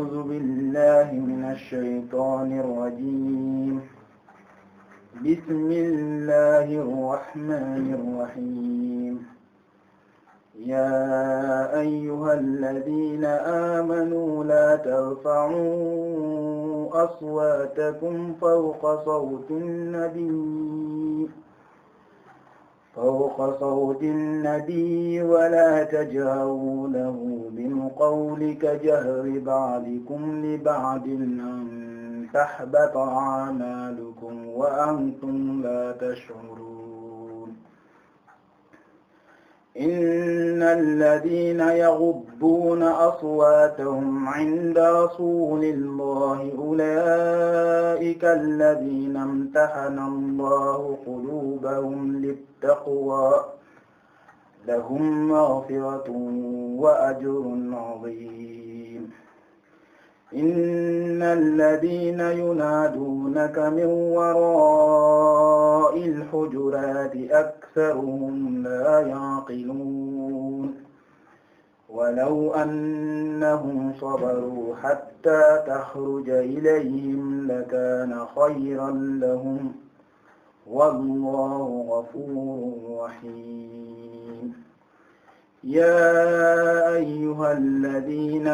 أعوذ بالله من الشيطان الرجيم بسم الله الرحمن الرحيم يا أيها الذين آمنوا لا ترفعوا أصواتكم فوق صوت النبي فوق صوت النبي ولا تجهروا له بالقول كجهر بعضكم لبعض أن تحبط أعمالكم وأنتم لا تشعرون إن الذين يغضون أصواتهم عند رسول الله أولئك الذين امتحن الله قلوبهم للتقوى لهم مغفرة وأجر عظيم إن الذين ينادونك من وراء الحجرات أكثرهم لا يعقلون ولو أنهم صبروا حتى تخرج إليهم لكان خيرا لهم والله غفور رحيم يا أيها الذين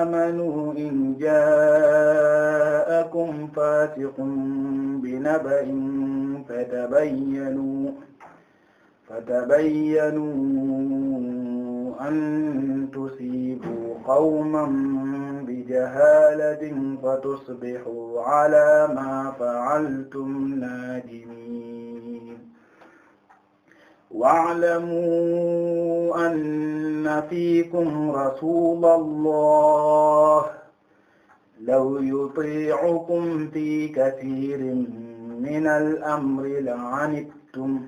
آمنوا إن جاءكم فاسق بنبأ فتبينوا فتبينوا أن تصيبوا قوما بجهالة فتصبحوا على ما فعلتم نادمين واعلموا أن فيكم رسول الله لو يطيعكم في كثير من الأمر لعنتم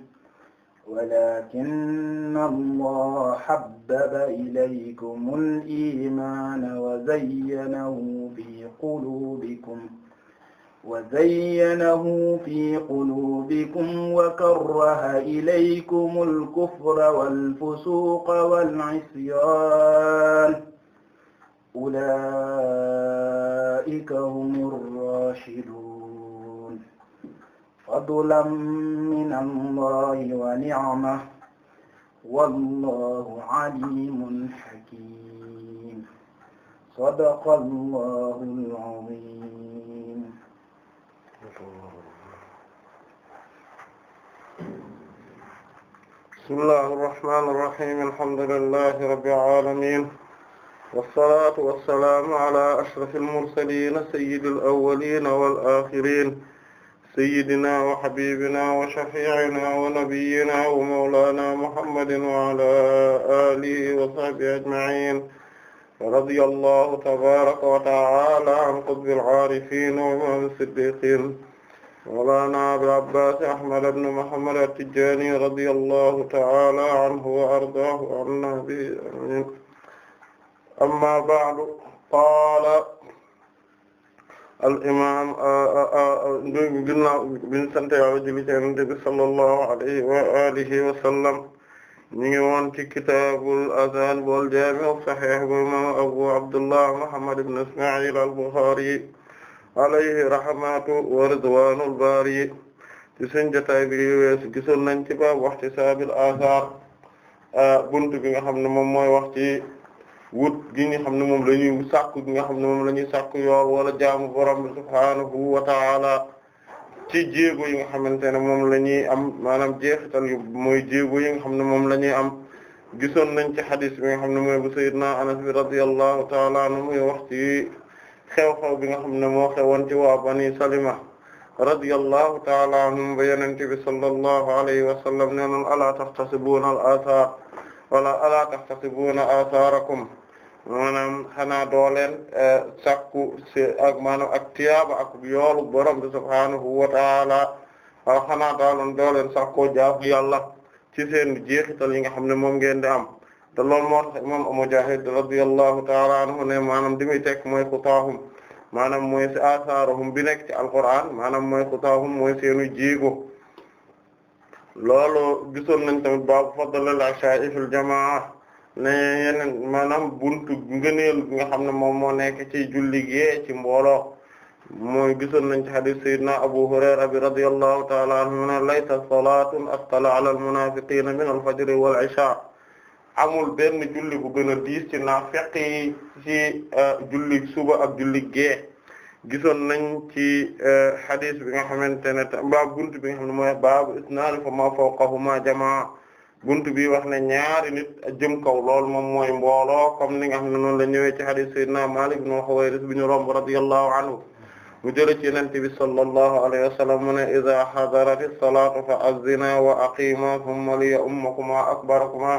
ولكن الله حبب إليكم الإيمان وزينه في قلوبكم وزينه في قلوبكم وكره إليكم الكفر والفسوق والعصيان أولئك هم الراشدون فضلا من الله ونعمة والله عليم حكيم صدق الله العظيم bismillah arrahman irrahim alhamdulillahi rabbil alamin wassalatu wassalamu ala ashraf almursalin sayyidi alawalin walaxirin sayyidina wa habibina wa shafi'ina wa nabiyyina wa mawlana muhammadin wa ala alihi wa sahbihi ajma'in رضي الله تبارك وتعالى عن قطب العارفين وإمام الصديقين مولانا أبي العباس أحمد بن محمد التجاني رضي الله تعالى عنه وأرضاه وعنا به آمين أما بعد قال الإمام ginnaaw bi ñu sant Yàlla, julli ci Yonent bi صلى الله عليه وآله وسلم ñu ngi woon ci kitaabul azaan wal jaami' sahih bu imam abu abdullah muhammad ibn isma'il al-bukhari alayhi rahmatu wa ridwanul baari ci sunu jotaay bi wees gisoon nañ ci baab ihtisaabil aasaar buntu bi nga xam ne moom mooy wax ci wut gi nga xam ne moom la ñuy sàkku nga xam ne moom la ñuy sàkku yool wala jaamu borom bi subhaanahu wa ci jéego yi nga xamante ne moom la ñuy am maanaam jeexital yu mooy jéego yi nga xam ne moom la ñuy am gisoon na ci xadis bi nga xam ne mooy bu sayyidina Anas bi radiyallahu ta'ala anhu muy wax ci xew-xew bi nga xam ne moo xewoon ci waa Bani Salima radiyallahu ta'ala anhum ba Yonent bi sallallahu alayhi wa sallam nee na alaa taxtasibuuna al-aasaar wala alaa taxtasibuuna aasaarakum maanaam xanaa dooleel eh, sakku si ak maanaam ak tiyaaba ak yoolu borom bi subhaanahu wa taala xanaa daaloon dooleel sakkoo jaamu yàlla ci seen jeexital yi nga xam ne moom ngeen di am te loolu moo tax imam Mujaahid radiyallahu taala anhu ne maanaam di muy teg mooy xutaahum maanaam mooy si asaaruhum bi nekk ci alquran maanaam mooy xutaahum mooy seenu jiigu loolu gisoon nañ tamit baabu fadlal ashaa'i fil jamaa ne yeneen maanaam buntu ngëneel bi nga xam ne moom moo nekk ci julli gee ci mbooloo mooy gisoon nañ ci hadith sayyidina Abu Hurayra bi radiyallahu ta'ala anhu ne laysa salatun asqala ala al-munafiqina min al-fajr wal-isha amul benn julli bu gën a diis ci naafiq yi ci euh, julli suba ak julli gee gisoon nañ ci euh, hadith bi nga xamante ne baab buntu bi nga xam ne mooy baabu isnaani fa ma fawqahuma jamaa buntu bi wax ne ñaari nit a jëm kaw lool moom mooy mbooloo comme ni nga xam ne noonu la ñëwee ci hadith sayyidina Malik ibn Huwayris bi ñu romb radiyallahu anhu mu jële ci yonent bi sallallahu alayhi wa sallam mu ne idha hadarati salatu fa azzina wa aqima thumma liya'ummakuma akbarukuma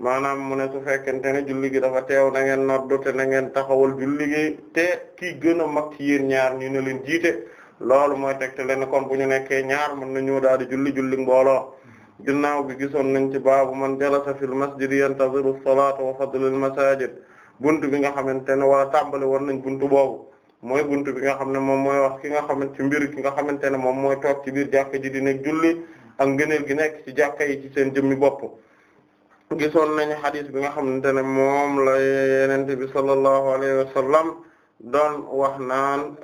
maanaam mu ne su fekkente ne julli gi dafa teew na ngeen noddu te na ngeen taxawal julli gi te kii gën a mag ci yéen ñaar ñu ne jiite loolu mooy tegte leen kon bu ñu nekkee ñaar mën nañu daal di julli julli mbooloo ginnaaw gi gisoon nañ ci baabu man jalasa fil masjid yantaziru salaata wa fadlul masajid bunt bi nga xamante ne wala tàmbali war nañ bunt boobu mooy bunt bi nga xam ne moom mooy wax ki nga xamante ci mbir ki nga xamante ne moom mooy toog ci biir jàkka ji di nekk julli ak ngëneel gi nekk ci jàkka yi ci seen jëmmi bopp gisoon nañu xadis bi nga xamante ne moom la yenente bi sallallahu alayhi wa sallam doon wax naan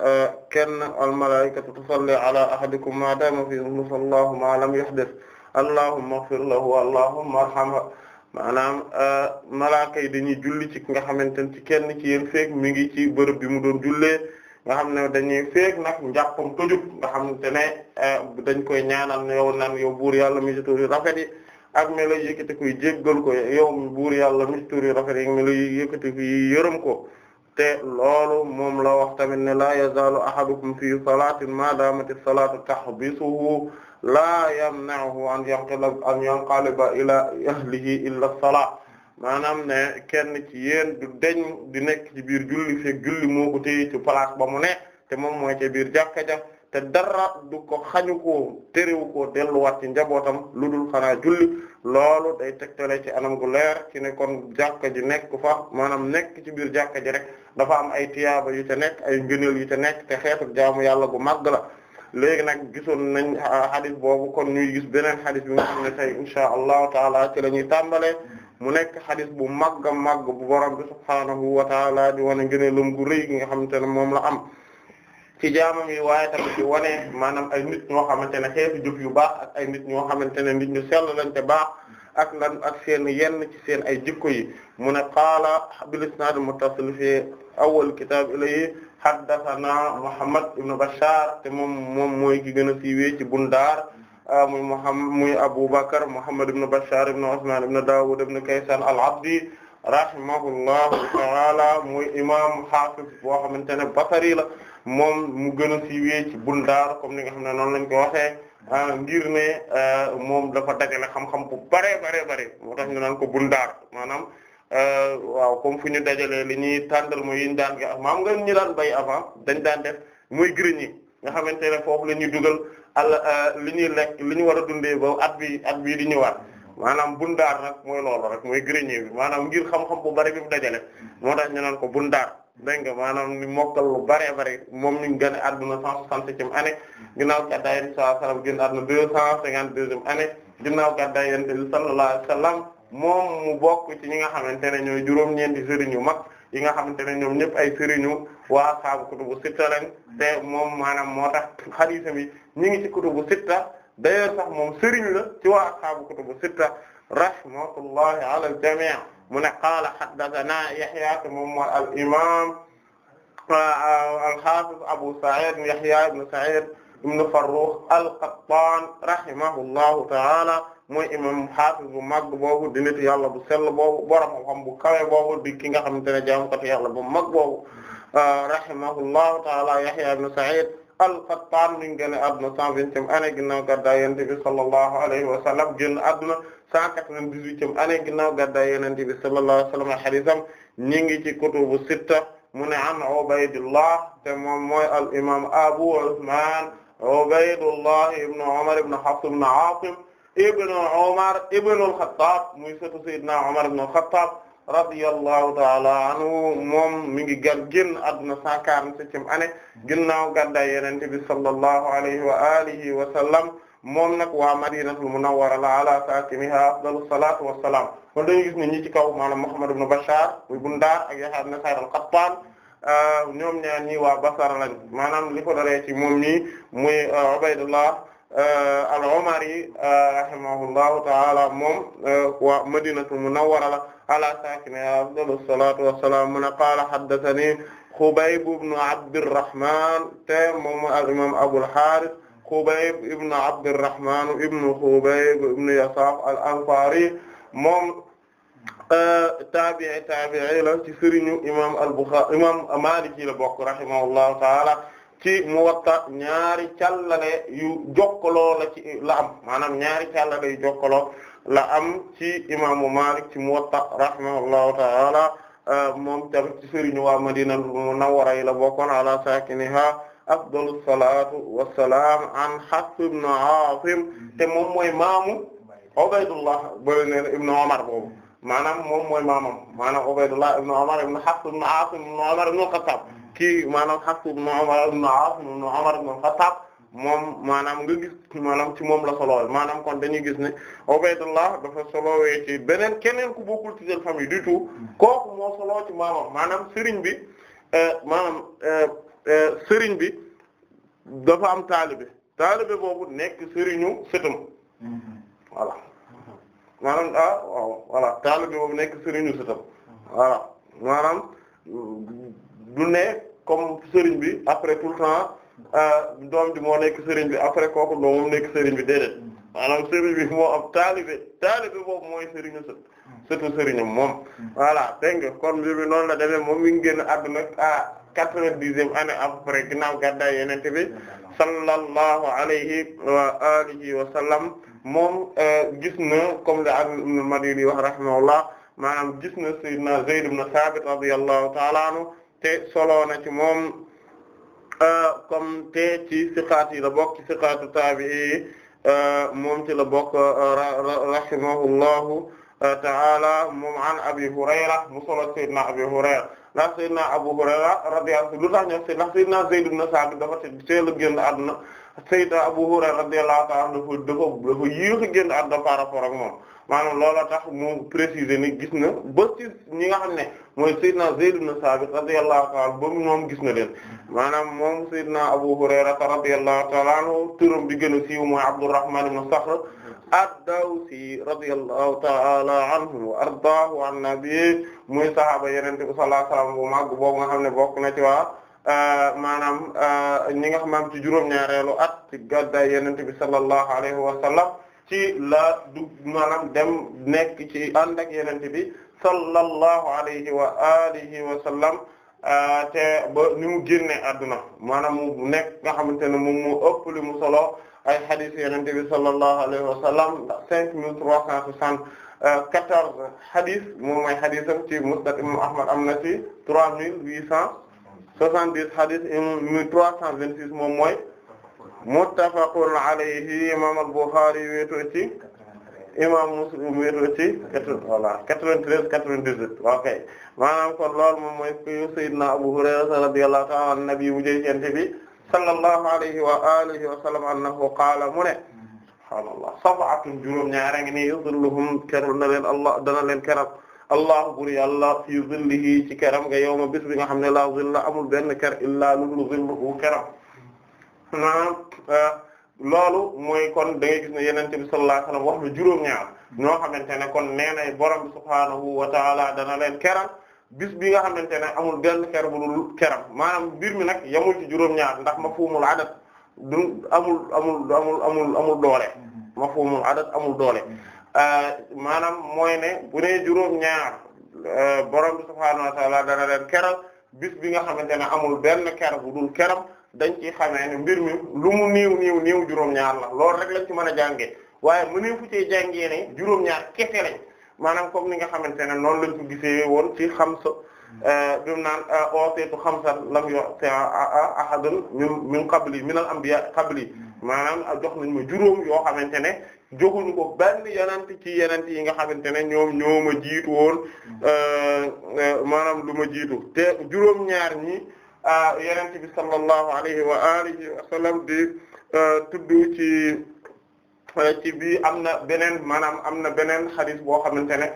kenn al malaikatu tusalli ala ahadikum ma dama allahumma ighfir lahu allahumma arhamhu maanaam eh, malaaka yi dañuy julli ci nga xamante ne ci kenn ci yéen feek mi ngi ci bërëb bi mu doon jullee nga xam ne dañuy feek nag njàppam tojub nga xamante ne eh, dañ koy ñaanal yow nan yow buur yàlla mi ci tur yu rafet yi ak melo yëkkati koy jéggal ko yow buur yàlla mi ci tur yu rafet yi ak melo yëkkati ko yërëm ko te loolu moom la wax tamit ne la yazalu ahadukum fi salatin ma damat as-salatu tahbisuhu laa yamna'uhu an yanqalib an yanqaliba ila ahlihi illa salaa maanaam ne kenn ci yéen du deñ di nekk ci biir julli fekk julli moo ko téye ci palaat ba mu ne te moom mooy ci biir jàkka ja te dara du ko xañu koo terewu ko delluwaat ci njabootam lu dul xanaa julli loolu day tegtale ci anam gu leer ci ne kon jàkka ji nekk fa maanaam nekk ci biir jàkka ji rek dafa am ay tiyaaba yu te nekk ay ngëneel yu te nekk te xeetu jaamu yàlla gu màgg la léegi nag gisoon nañ ah, xadis boobu kon ñuy gis beneen xadis bi tey insha allahu taala ci la ñuy mu nekk xadis bu màgg a màgg bu borom bi subhaanahu wa taala di wane gëne lum gu rëy gi nga xamante ne moom la am ci jaamam yi waaye ci wane maanaam ay nit ñoo xamante ne xeetu jëf yu baax ak ay nit ñoo xamante ne nit ñu sell lañ te baax ak lan ak seen yenn ci seen ay jikko yi mu ne qaala bil isnaad muttasil fi awwal kitaab ilayhi haddathana Muhammad ibn Bashar te moom moom mooy ki gën a siiwee ci Bundaar ah, muy Muhammad muy Aboubacar Muhammad ibn Bashar ibn Usman ibn Dawud ibn Kaysan al-Abdi rahimahullahu ta'ala muy imam hafiz boo xamante ne Basri la moom mu gën a siiwee ci Bundaar comme ni nga xam ne noonu lañ ko waxee ah, ngir ne ah, moom dafa dajale xam-xam bu bare bare bare moo tax ñu naan ko Bundaar maanaam. Euh, waaw comme fu ñu dajalee li ñuy tàndal mu yiñ daan ga maam nga ñu daan bay avant dañ daan def muy grenier nga xamante ne foofu la ñuy dugal al euh, li ñuy lekk li ñu war a dundee ba at bi at bii di ñëwaat maanaam bundaar nag mooy loolu rek mooy grenier bi maanaam ngir xam-xam bu bari bi mu dajale moo tax ñu naan ko bundaar dégg nga maanaam ni mokkal lu bare bare moom ñu gën a àdduna cent soixante-septième année ginnaaw gàddaay Yonent bi sallallahu alayhi wasallam génn àdduna deux cent cinquante-deuxième année ginnaaw gàddaay Yonent bi sallallahu moom mu bokk ci ñi nga xamante ne ñooy juróom-ñeenti sëriñ yu mag yi nga xamante ne ñoom ñëpp ay sëriñu waa saabu kutubu sitta lañ te moom maanaam moo tax xadiisam yi ñi ngi ci kutubu sitta d'ailleurs sax moom sëriñ la ci waa saabu kutubu sitta rahmatullahi ala al-jamii' mu ne qaala haddathanaa Yahya moom mooy al imaam ah, al-haafiz Abu Sa'id Yahya ibn Sa'id ibn Farrukh al-Qattaan rahimahullahu ta'ala mooy imam xaafis bu mag boobu di nit yàlla bu sell boobu borom xam-xam bu kawe boobu di ki nga xamante ne jaamukatu yàlla bu mag boobu ah, rahimahullahu taala Yahya ibn Sa'id al-Qattan mi ngi génn àdduna cent vingtième année ginnaaw gàddaay Yonent bi sallallahu alayhi wa sallam génn àdduna cent quatre-vingt-dix-huitième année ginnaaw gàddaay Yonent bi sallallahu alayhi wa sallam hadiisam ñi ngi ci kutubu sitta mu ne an Ubaydullah te moom mooy al imam Abu Usman Ubaydullah ibn Umar ibn Hafs ibn Aasim ibn Umar ibn al-Khattab muy sëtu Seydina ibn al-Khattab radiyallahu ta'ala anhu moom mi ngi gan génn adduna cent quarante-septième année ginnaaw gàddaay Yonent bi sallallahu alayhi wa alihi wa moom nag waa Madinatul Munawwara la ala saakiniha afdalu salaatu wa salaam kon dañu gis ne ñi ci kaw maanaam Muhammad ibn Bashar muy Bundaar ak Yahya ibn Sa'id al-Qattan ah, ñoom ñaar ñi waa Basra lañ maanaam li ko dalee ci moom ñi muy ah, Ubaydullah Euh, al-Umari euh, rahimahullahu ta'ala moom euh, wa Madinatul Munawwara la ala saakinihaa afdalu salaatu wa salaam mu ne qaala haddathanii Khubayb ibn Abdirrahman te moom al-imaam Abul Haaris Khubayb ibn Abdirrahman ibn Khubayb ibn Yasaaf al-Ansaari moom taabi'i taabi'i la ci sëriñu imaam al-Bukhaari imaam Maalik la bokk rahimahullahu ta'ala ci Muwatta ñaari càllale yu jokkaloo la am maanaam ñaari càllale yu jokkaloo la am ci imaamu Maalik ci Muwatta rahimahullahu ta'ala euh, moom tamit ci sëriñu waa Madina Munawwara yi la bokkoon ala saakiniha afdalu salaatu wassalaam an Hafs ibn Aasim te moom mooy maamu Ubaydullah bal ne ibn Umar boobu maanaam moom maamam kii maanaam Hafs ibn Umar ibn Aas ibn Umar moom maanaam nga gis maanaam ci moom la solowee maanaam kon dañuy gis ne Ubaydullah dafa solowee ci beneen keneen ku bokkul ci seen famille du tout kooku moo soloo ci maamam maanaam sëriñ bi euh, euh, euh, sëriñ bi dafa am taalibe taalibe boobu nekk sëriñu sëtam voilà ah, sëriñu sëtam maanaam du ne comme sëriñ bi après tout le temps euh, doom di moo nekk sëriñ bi après kooku doomam nekk sëriñ bi déedéet maanaam sëriñ bi moo am taalibe taalibe boobu mooy sëriñu sët sëtu moom voilà dégg nga kon mbir bi noonu la demee moom mi ngi génn àdduna à quatre-vingt-dixième année après ginnaaw gàddaay yenente bi sallallahu alayhi wa alihi wa sallam moom euh, gis na comme le Alim ibn al-Madini wax rahimahullah maanaam gis na sayyidina Zayd ibn Thabit radiyallahu ta'ala te solo na ci moom euh, comme te ci siqaat yi la bokk ci siqaatu taabi'i euh, moom ci la bokk euh, rahimahullahu ta'ala moom an Abi Hurayra mu solo sayyidina Abi Hurayra ndax sayyidina Abu Hurayra radiyallahu anhu lu tax ñoom sayyidina sayyidina Zayd ibn Sabit dafa teel a génn àdduna sayyidina Abu Hurayra radiyallahu ta'ala dafa dafa dafa yéex a génn àdduna par rapport ak moom maanaam loola tax mu préciser ni gis na ba ci ñi nga xam ne mooy Seydina Zayd ibn Sabit radiyallahu ta'ala ba moom gis na leen maanaam moom Seydina Abu Hurayra radiyallahu ta'ala anhu turam bi gën a siiw mooy Abdurrahman ibn Sakhr ad-Dawsi radiyallahu ta'ala anhu wa ardaahu an nabi muy sahaaba yenente bi sallallahu alayhi wa sallam bu màgg boobu nga xam ne bokk na ci waa euh, maanaam euh, ñi nga xam ne am ci juróom-ñaareelu at ci gàddaay yenente bi sallallahu alayhi wa sallam ci la du maanaam dem nekk ci ànd ak yenente bi sallallahu alayhi wa alihi wa sallam te ba ni mu génne adduna maanaam mu nekk nga xamante ne moom moo ëpp li mu solo ay hadith yenente bi sallallahu alayhi wa sallam ndax cinq mille trois cent soixante quatorze hadith moom mooy haditham ci musnad imam ahmad am na ci trois mille huit cent soixante-dix hadith imam trois cent vingt-six moom mooy muttafaqun alayhi imam al-Bukhari wéetoo ci imam Muslim wéetoo ci voilà 93 98 ok maanaam kon loolu moom mooy ku sayyidina Abu Hurayra radiyallahu ta'ala an nabi mu jëy cente bi sallallahu alayhi wa alihi wa sallam annahu qaala mu ne subhaanallah sab'atun juróom ñaara ngi nii yuzilluhum keral na leen allah dana leen keral allah bur yàlla fi zillihi ci keram nga yawma bis bi nga xam ne la zilla amul benn ker illaa lu dul zilluhu keram Euh, loolu mooy kon da ngay gis ne yenente bi sallallahu wax na juróom-ñaar ñoo xamante ne kon nee na borom bi subhaanahu wa dana leen keral bis bi nga xamante ne amul benn xer bu dul keram maanaam mbir mi nag yamul ci juróom ndax mafhumul adat du amul amul amul doole mafhumul adat amul doole mm-hmm. mm-hmm. euh, maanaam mooy ne bu ne juróom-ñaar euh, borom bi subhaanahu wa dana leen keral bis bi nga xamante ne amul benn ker bu dul keram dañ ci xamee ne mbir mi lu mu niiw niiw niiw juróom-ñaar la loolu rek lañ ci mën a jàngee waaye mënee fu cee jàngee ne juróom-ñaar kese lañ maanaam comme ni nga xamante ne noonu lañ ko gisee woon ci xam sa euh, bi mu naan euh, ooteetu xamsa lam yor te ahadun min min qabli min al anbiya qabli maanaam jox nañ juróom yoo xamante ne joxuñu ko benn yenant ci yenant yi nga xamante ne ñoom ñoo ma jiitu woon euh, maanaam lu ma jiitu te juróom-ñaar ñi a yonent bi sallallahu alayhi wa alihi wa sallam di euh, tudd ci euh, ci bi am na beneen maanaam am na beneen xadis boo xamante ne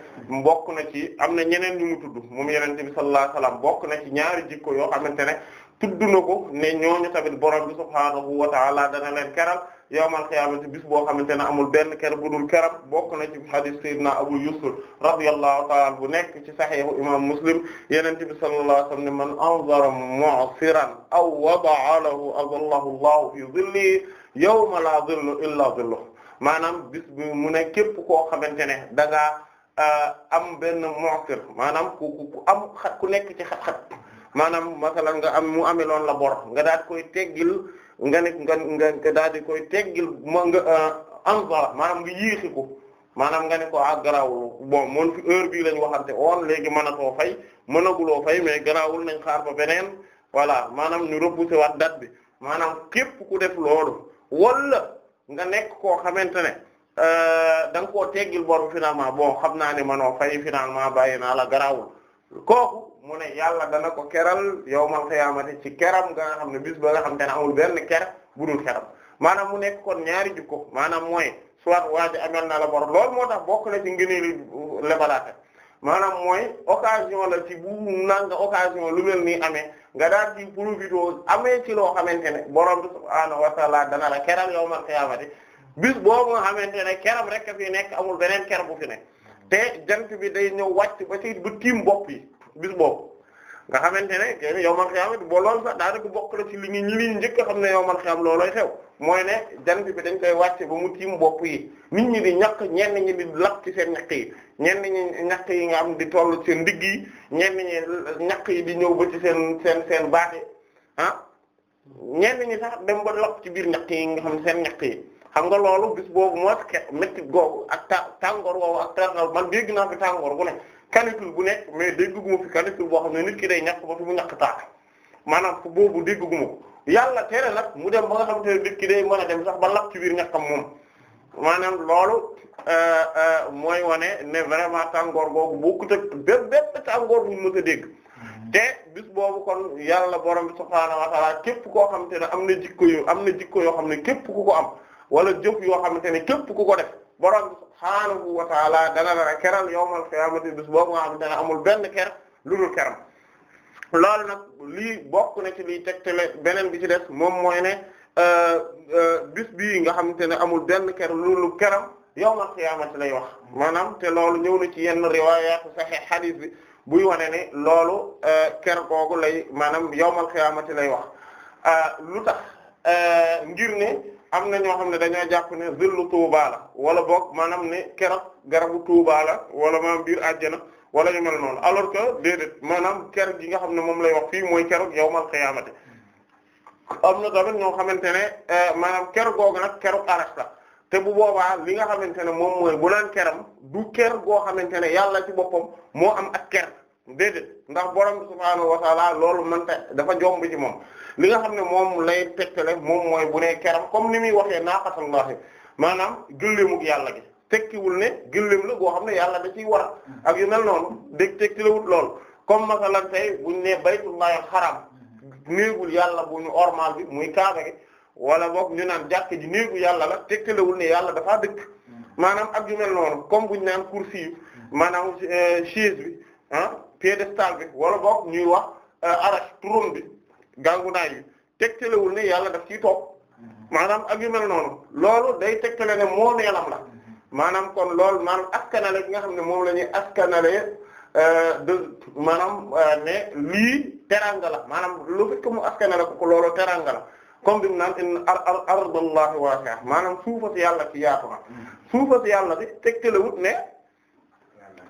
bokk na ci am na ñeneen ñu mu tudd moom yonent bi sallallahu alayhi wa sallam bokk na ci ñaari jikko yoo xamante ne tudd na ko ne ñooñu tamit borom bi subhaanahu wa ta'ala dana leen keral yawmal qiyaamati bis boo xamante ne amul benn ker bu dul keram bokk na ci hadis sayyidina Abu Yusuf radiyallahu ta'ala bu nekk ci sahihu imam Muslim Yonent bi sallallahu alayhi wa sallam ne man anzara mu'siran aw wada'a lahu azallahu Allahu fi zillihi yawma la zilla illa zilluhu maanaam bis bi mu ne képp koo xamante ne da ngaa uh, am benn mu'sir maanaam ku ku am xat ku nekk ci xat-xat maanaam masalan nga am mu ameloon la bor nga daal koy teggil nga ne nga nga daal di koy teggil ma nga euh, anzara maanaam nga yéexi ko maanaam nga ne ko ah garaawul bon moom fi heure bii lañ waxante woon léegi mënatoo fay mënaguloo fay mais garaawul nañ xaar ba beneen voilà maanaam ñu repousser waat date bi maanaam képp ku def loolu wala nga nekk koo xamante ne euh, da nga koo teggil bor finalement bon xam naa ne manoo fay finalement bàyyi naa la garaawul kooku mu ne yàlla dana ko keral yawmal xiyaamati ci keram nga xam ne bis a xam te ne amul benn ker budul keram maanaam mu nekk kon ñaari jukko maanaam mooy soit waa ji amel la bor loolu moo tax bokk na ci ngëneelu lebalaate maanaam mooy occasion ci bu nanga occasion lu mel nii amee nga daal amee ci loo xamante ne borom bi subhaanahu wa taala dana la keral yawmal xiyaamati bis boobu xamante ne keram rek a fi nekk amul beneen ker bu fi nekk te jant bi day ñëw wàcc ba ci ba tiim bopp yi bis boobu nga xamante ne kenn yow man xiyam it ba loolu sax bokk na ci li ñu ñi njëkk xam ne yow man xiyam loolooy xew mooy ne jant bi dañ koy wàcce ba mu tiim bopp yi nit ñi di ñakk ñenn ñi di lakk ci seen ñaq yi ñenn ñi ñaq yi nga am di toll seen ndigg yi ñenn ñaq yi di ñëw ba ci seen seen seen baat yi ah ñenn ñi sax dem ba lakk ci biir ñaq yi nga xam ne seen ñaq yi xam nga loolu bis boobu moo tax métti googu ak ta tàngoor woowu ak tàngoor man dégg naa fi tàngoor bu nekk canicule bu nekk mais dégguma fi canicule boo xam ne nit ki day ñàkk ba fi mu ñàkk taak maanaam fu boobu dégguma ko yàlla tere nag mu dem ba nga xamante ne nit ki day mën a dem sax ba lap ci nga ñàkkam moom maanaam loolu euh, euh, mooy wane ne vraiment tàngoor googu bokkut ak bépp bépp tàngoor bu ñu mës a dégg te bis boobu kon yàlla borom bi subhaanahu wa képp koo xamante ne am na jikko am na jikko yoo xam ne képp ku ko am wala jëf yoo xamante ne képp ku ko def borom subhaanahu wa taala dana la keral yawmal qiyaamati bis boobu nga xamante ne amul benn ker lu dul keram loolu nag lii bokk na ci liy tegtale beneen bi ci des moom mooy ne euh, euh, bis bii nga xamante ne amul benn ker lu dul keram yawmal qiyaamati lay wax maanaam te loolu ñëw na ci yenn riwaayaatu sahih hadith bi buy wane ne loolu euh, ker googu lay maanaam yawmal qiyaamati lay wax lu tax ngir ne. am na ñoo xam ne dañoo jàpp ne zillu Tuuba la wala boog maanaam ne keroog garabu Tuuba la wala maanaam biir àjjana wala ñu noonu alors que déedéet maanaam keroog gi nga xam ne moom lay wax fii mooy keroog yawmal qiyaamati am na tamit ñoo xamante ne euh, maanaam ker googu nag keroog arax la te bu boobaa li nga xamante ne moom mooy bu naan keram du ker goo xamante ne yàlla ci boppam moo am a ker. déedéet ndax borom subhaanahu wa taala loolu mënta dafa jomb ci moom li nga xam ne moom lay tegtale moom mooy bu ne keram comme ni muy waxee naa naaqatallahi maanaam gëlleemug yàlla gi tekkiwul ne gëlleem la goo xam ne yàlla da ciy war ak yu mel noonu dégg tekkiwul loolu comme masalan tey buñ ne baytullahi xaram néegul yàlla bu ñu ormal bi muy kaaba wala boog ñu naan jàkk ji néegu yàlla la tekkiwul ne yàlla dafaa dëkk hmm. maanaam ak yu mel noonu comme buñ naan kursi yu maanaam euh, chaise bi ah piédestal bi wala boog ñuy wax euh, arache turam bi gàngunaay bi tegtalewul ne yàlla def ci toog mm-hmm. maanaam ak yu noonu loolu day tegtale ne moo neelam la mm-hmm. maanaam kon loolu maanaam askanale bi nga xam ne moom la ñuy askanale euh, de maanaam euh, ne lii terangala maanaam lu fekk mu askanale ko ko loolu teranga la comme bi mu naan in maanaam suufasi yàlla ci yaatu na mm-hmm. suufasi yàlla bi tegtalewut ne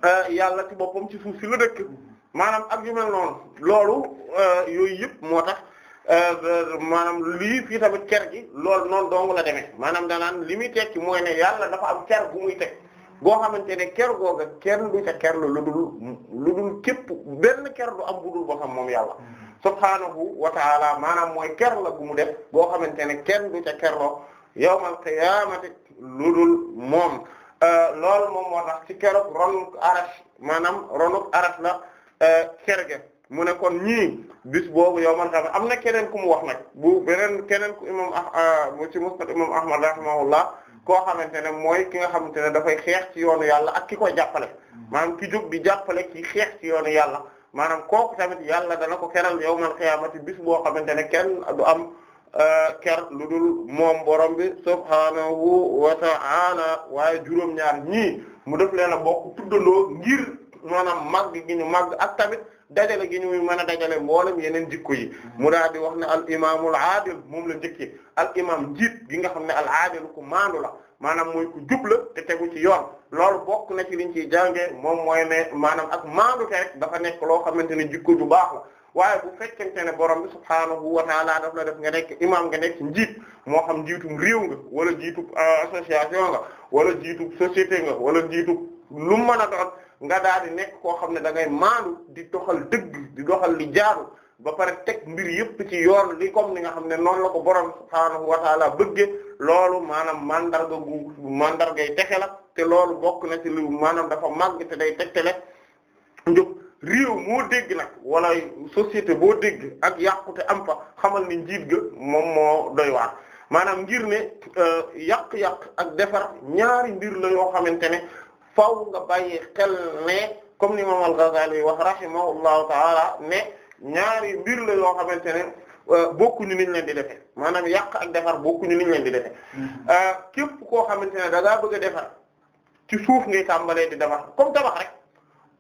Euh, yàlla ci boppam ci suuf si la dëkk maanaam ak yu mel noonu loolu euh, yooyu yëpp moo tax euh, maanaam lii fii tamit ker gi loolu noon dong la demee maanaam danaan li muy tekki mooy ne yàlla dafa am ker bu muy teg boo xamante ne ker googa kenn du ca ker la lu dul lu dul képp benn ker du am bu dul moom yàlla subhaanahu wa taala maanaam mooy ker la bu mu def boo xamante ne kenn du ca kerloo yawmal qiyaamati lu dul moom Euh, loolu moom moo tax ci keroog ronuk arash maanaam ronuk arash la euh, kerge mu ne kon ñii bis boobu yow man xam am na keneen ku mu wax nag bu beneen keneen ku imam ah ci musnad imam ahmad rahimahullah koo xamante ne mooy ki nga xamante ne dafay xeex ci yoonu yàlla ak ki koy jàppale maanaam ki jóg di jàppale ki xeex ci yoonu yàlla maanaam kooku tamit yàlla dana ko keral yawmal qiyaamati bis boo xamante ne kenn du am ker lu dul moom borom bi subhaanahu wa waaye juróom-ñaar ñii mu def leen a bokk tuddandoo ngir maanaam màgg gi ñu màgg ak tamit dajale gi ñu mën a dajale mboole mboolem yeneen jikko yi mu daal di wax ne al imaamul aadil moom la njëkkee al imaam njiit gi nga xam ne al aadil ku maandu la maanaam mooy ku jubla te tegu ci yoon loolu bokk na ci liñ ciy jànge moom mooy ne maanaam ak maandu te rek dafa nekk loo xamante ne jikko ju baax la waaye bu fekkente ne borom bi subhaanahu wa taala daf la def nga nekk imam nga nekk njiit moo xam njiitum réew nga wala njiitub euh, association nga wala njiitub société nga wala njiitub lu mën a doon nga daal di nekk koo xam ne da ngay maandu di doxal dëgg di doxal li jaaru ba pare teg mbir yëpp ci yoor li comme ni nga xam ne noonu la ko borom subhaanahu wataala taala bëgge loolu maanaam mandarga gu mandargay texe la te loolu bokk na ci lu maanaam dafa màgg te day tegtale njub réew moo dégg nag wala société boo dégg ak yàqute am fa xamal ni njiit ga moom moo doy waar maanaam ngir ne euh, yàq-yàq ak defar ñaari mbir la yoo xamante ne faaw nga bàyyi xel ne comme ni imam al-Ghazali wax rahimahullahu taala ne ñaari mbir la yoo xamante ne euh, bokkuñu niñ leen di defe maanaam yàq ak defar bokkuñu niñ leen di defe mm-hmm. euh, képp koo xamante ne da ngaa bëgg a defar ci suuf ngay tàmbalee di defar comme tabax rek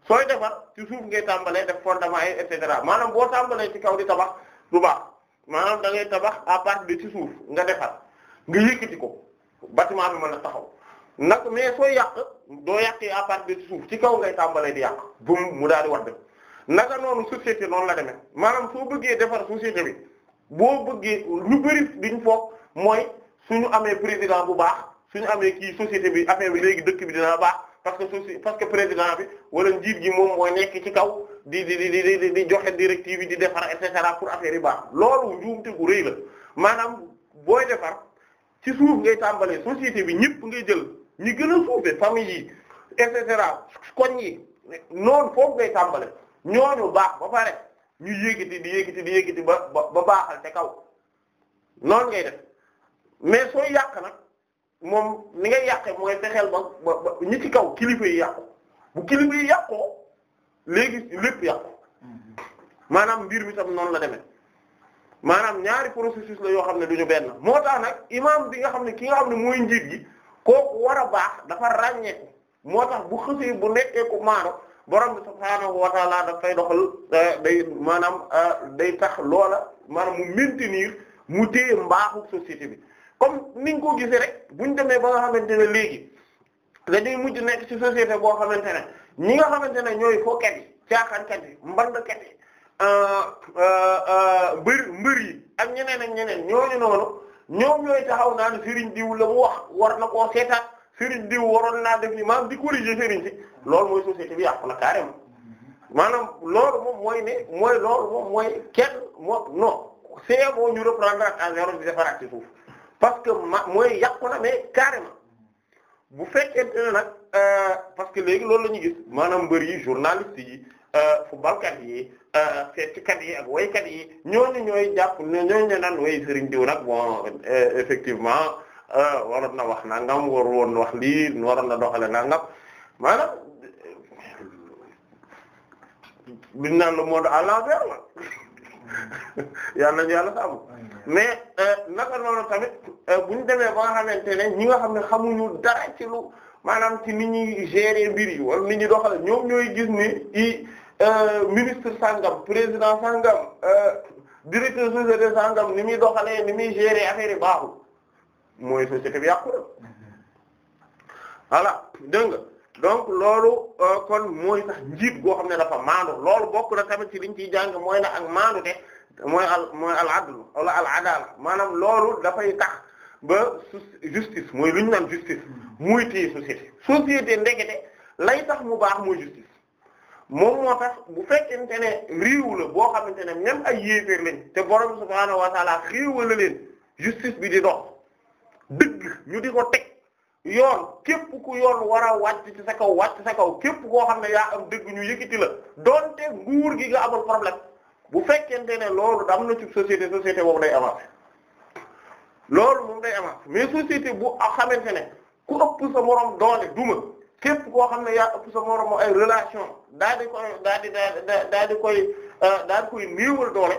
sooy defar ci suuf ngay tàmbalee def fondement yi et cetera maanaam boo tàmbalee ci kaw di tabax du baax maanaam da ngay tabax à partir de ci suuf nga defar nga yëkkati ko bâtiment bi mën a taxaw nag mais sooy yàq doo yàqee à partir de ci suuf ci kaw ngay tàmbalee di yàq bu mu daal di wadd naka noonu société noonu la demee maanaam soo bëggee defar société bi boo bëggee lu bari diñ foog mooy su ñu amee président bu baax suñu amee kii société bi affaire bi léegi dëkk bi dina baax parce que parce que président bi wala njiit gi moom moo nekk ci kaw di di di di di joxe directive yi di defar et cetera pour affaire yi baax loolu njuumte gu rëy la maanaam booy defar ci suuf ngay tàmbalee société bi ñëpp ngay jël ñi gën a suufee famille yi et cetera koñ yi noonu foofu ngay tàmbale ñooñu baax ba pare ñu yéegiti di yéegiti di yéegiti ba ba baaxal te kaw noonu ngay def mais soo yàq nag. moom ni nga yàqe mooy fexeel ba ba ñi ci kaw kilifa yi yàqu bu kilifa yi yàqoo léegi lépp yàqu maanaam mbir mi tam noonu la demee maanaam ñaari processus la yoo xam ne du ñu benn moo tax nag imaam bi nga xam ne ki nga xam ne mooy njiit gi kooku war a baax dafa ràññeeku moo tax bu xësee bu nekkee ku maaro borom bi subhaanahu wa taala daf fay euh, day maanaam euh, day tax loola maanaam mu maintenir mu téye mbaaxu société bi comme ni ko gisee rek buñ demee ba nga xamante ne léegi dañuy mujj nekk ci société boo xamante ne ñi nga xamante ne ñooy fookat yi caaxaankat yi mbandkat yi euh, euh, euh, mbër mbër yi ak ñeneen ak ñeneen ñooñu noonu ñoom ñooy taxaw naan sëriñ diw la mu wax war na koo seetaat sëriñ diw waroon naa def ni maam di corriger sëriñ si loolu mooy société bi yàqu na carrément maanaam loolu moom mooy ne mooy loolu moom mooy kenn moo non c'est bon ñu reprendre ak à zéro di defaraat parce que ma mooy yàqu na mais carrément bu fekkente ne nag euh, parce que léegi loolu la ñuy gis maanaam mbër yi journaliste yi euh, footballkat yi fecckat euh, yi ak waykat yi ñooñu ñooy jàpp ñooñu ñu naan way sëriñ diw nag bon effectivement waroon na wax nangam waru woon wax lii waroon na doxale na maanaam luñ naan le monde à l'envers la yal nañu yàlla saabu mais euh, naka noonu tamit euh, bu ñu demee ba nga xamante ne ñi nga xam ne xamuñu dara ci lu maanaam ci ni ñuy gérer mbir yi wala ni ñuy doxale ñoom ñooy gis ni i euh, ministre sangam président sangam directeur société sangam ni muy doxalee ni muy gérer affaire yi baaxul mooy société bi yàqu na mm-hmm. voilà donc loolu euh, kon mooy sax njiit goo xam ne dafa maandu loolu bokk na tamit ci liñ ciy jàng mooy na ak maandu de mooy al mooy al adl wala al adala maanaam loolu dafay tax ba justice mooy lu ñu naan justice muy téye société société ndekete lay tax mu baax mooy justice moom moo tax bu fekkente ne riiw la boo xamante ne même ay yéeféer lañ te borom subhaanahu wa taala leen justice bi di dox dëgg ñu di ko teg yoon képp ku yoon war a wàcc ci sa kaw wàcc sa kaw képp koo xam ne yaa am dëgg ñu yëkkati la donte nguur gi nga amul problème bu fekkente ne loolu da am na ci société société boobu day avancer loolu moom day avancer mais société bu xamante ne ku ëpp sa moroom doole duma képp koo xam ne yaa ëpp sa moroom ay relation daal di koy daal di daal di koy daal di euh,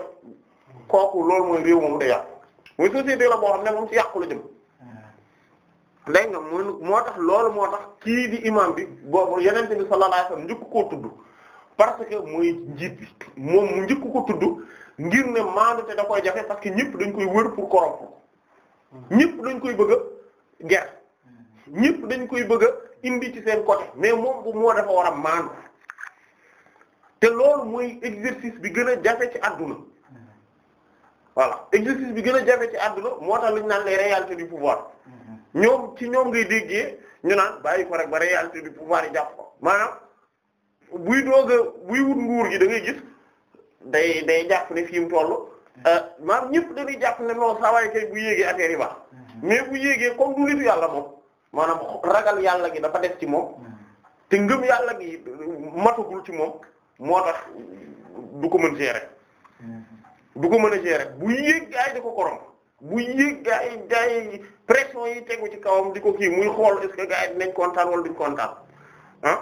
loolu mooy réew moom day yàqu mooy société la boo xam ne moom ci yàqu la jëm. dégg nga mu moo tax loolu moo tax kii di imam bi boobu yeneen bi sallallahu alayhi njëkku njëkk koo tudd parce que mooy njiit bi moom mu njëkk ko tudd ngir ne maandu te da koy jafe parce que ñëpp dañ koy wër pour corrompre ñëpp dañ koy bëgg a ger ñépp dañ koy bëgg a indi ci seen côté mais moom bu moo dafa war a maandu te loolu mooy exercice bi gën a jafe ci àdduna voilà exercice bi gën a jafe ci àdduna moo tax lañ naan les réalités du pouvoir ñoom ci ñoom ngay déggee ñu naan bàyyi ko rek ba réalité du pouvoir yi jàpp ko maanaam buy doog a buy wut nguur gi da ngay gis day day jàpp ne fi mu toll euh, maanaam ñëpp dañuy jàpp ne non saa bu yéegee affaire yi baax mm-hmm. mais bu yéegee comme du yàlla moom maanaam ragal yàlla gi dafa def ci moom mm-hmm. te ngëm yàlla gi matagul ci moom moo tax du ko mën gérer mm-hmm. du ko mën a gérer bu yéeg ay da ko korom bu yéeg gaa yi gaa yi pression yi tegu ci kawam di ko kii muy xool est-ce que gaa yi dinañ kontaan wala duñ kontaan ah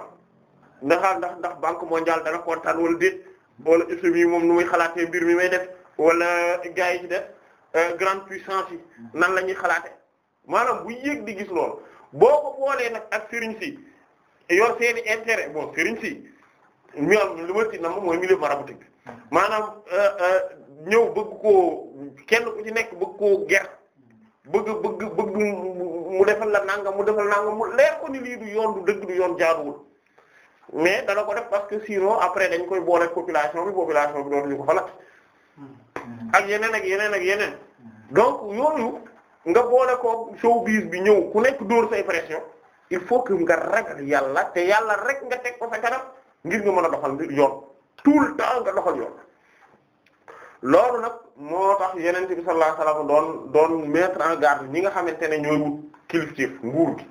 ndax ndax banque mondiale dana kontaan wala déet wala FMI moom nu muy xalaatee mbir mi may def wala gaa yi ci def euh, grande puissance yi nan la ñuy xalaate maanaam bu yéeg di gis lool boo ko boolee nag ak sëriñ si yor seen i intérêt bon sëriñ si ñoom li ma ci nam mooy milieu maraboutique maanaam euh, euh, ñëw bëgg koo kenn ku ci nekk bëgg koo ger bëgg bëgg bëgg mu defal la nanga mu defal nangam mu leer ko ni lii du yoon du dëgg du yoon jaaduwul mais dana ko def parce que sinon après dañ koy boole population bi population bi dootuñu ko xalaat ak yeneen ak yeneen ak yeneen donc yooyu nga boole ko showbiz bi ñëw ku nekk dóor say pression il faut que nga ragal yàlla te yàlla rek nga teg ko sa kanam ngir nga mën a doxal ngir yoon tout le temps nga doxal yoon loolu nag moo tax yeneen bi sallallahu alayhi wasallam doon doon mettre en garde ñi nga xamante ne ñooy wut kilifteef nguur gi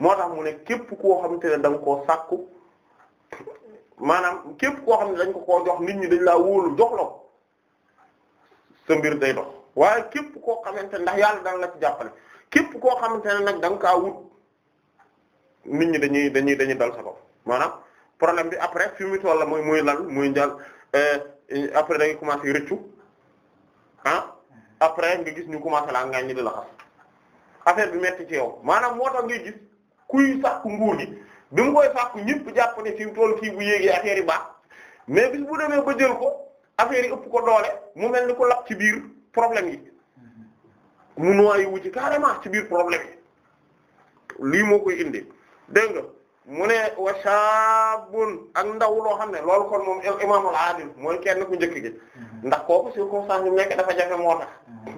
moo tax mu ne képp koo xamante ne da koo sàkku maanaam képp koo xam ne dañ ko koo jox nit ñi dañ laa wóolu jox la sa mbir day dox waaye képp koo xamante ne ndax yàlla daan la ci jàppale képp koo xamante ne nag da nga wut nit ñi dañuy dañuy dañuy dal sa kaw maanaam problème bi après fi mu mooy muy lan muy njal euh, après da ngay commencé rëccu ah après nga gis ñu commencé laa ngaañ ñi di la xas affaire bi metti ci yow maanaam moo tax ngay gis kuy sàkku nguur gi bi mu koy sàkku ñëpp jàpp ne fi mu toll bu yéegee affaire yi baax mais bis bu demee ba jël ko affaire yi ëpp ko doole mu mel ni ko lap ci biir problème yi mu noyyi wu ci carrément ci biir problème yi lii moo koy indi dégg nga mu ne wa shaabun ak ndaw loo xam ne loolu kon moom imaamul adil mooy kenn ku njëkk gi mm-hmm. ndax kooku circonstance bi nekk dafa jafe moo tax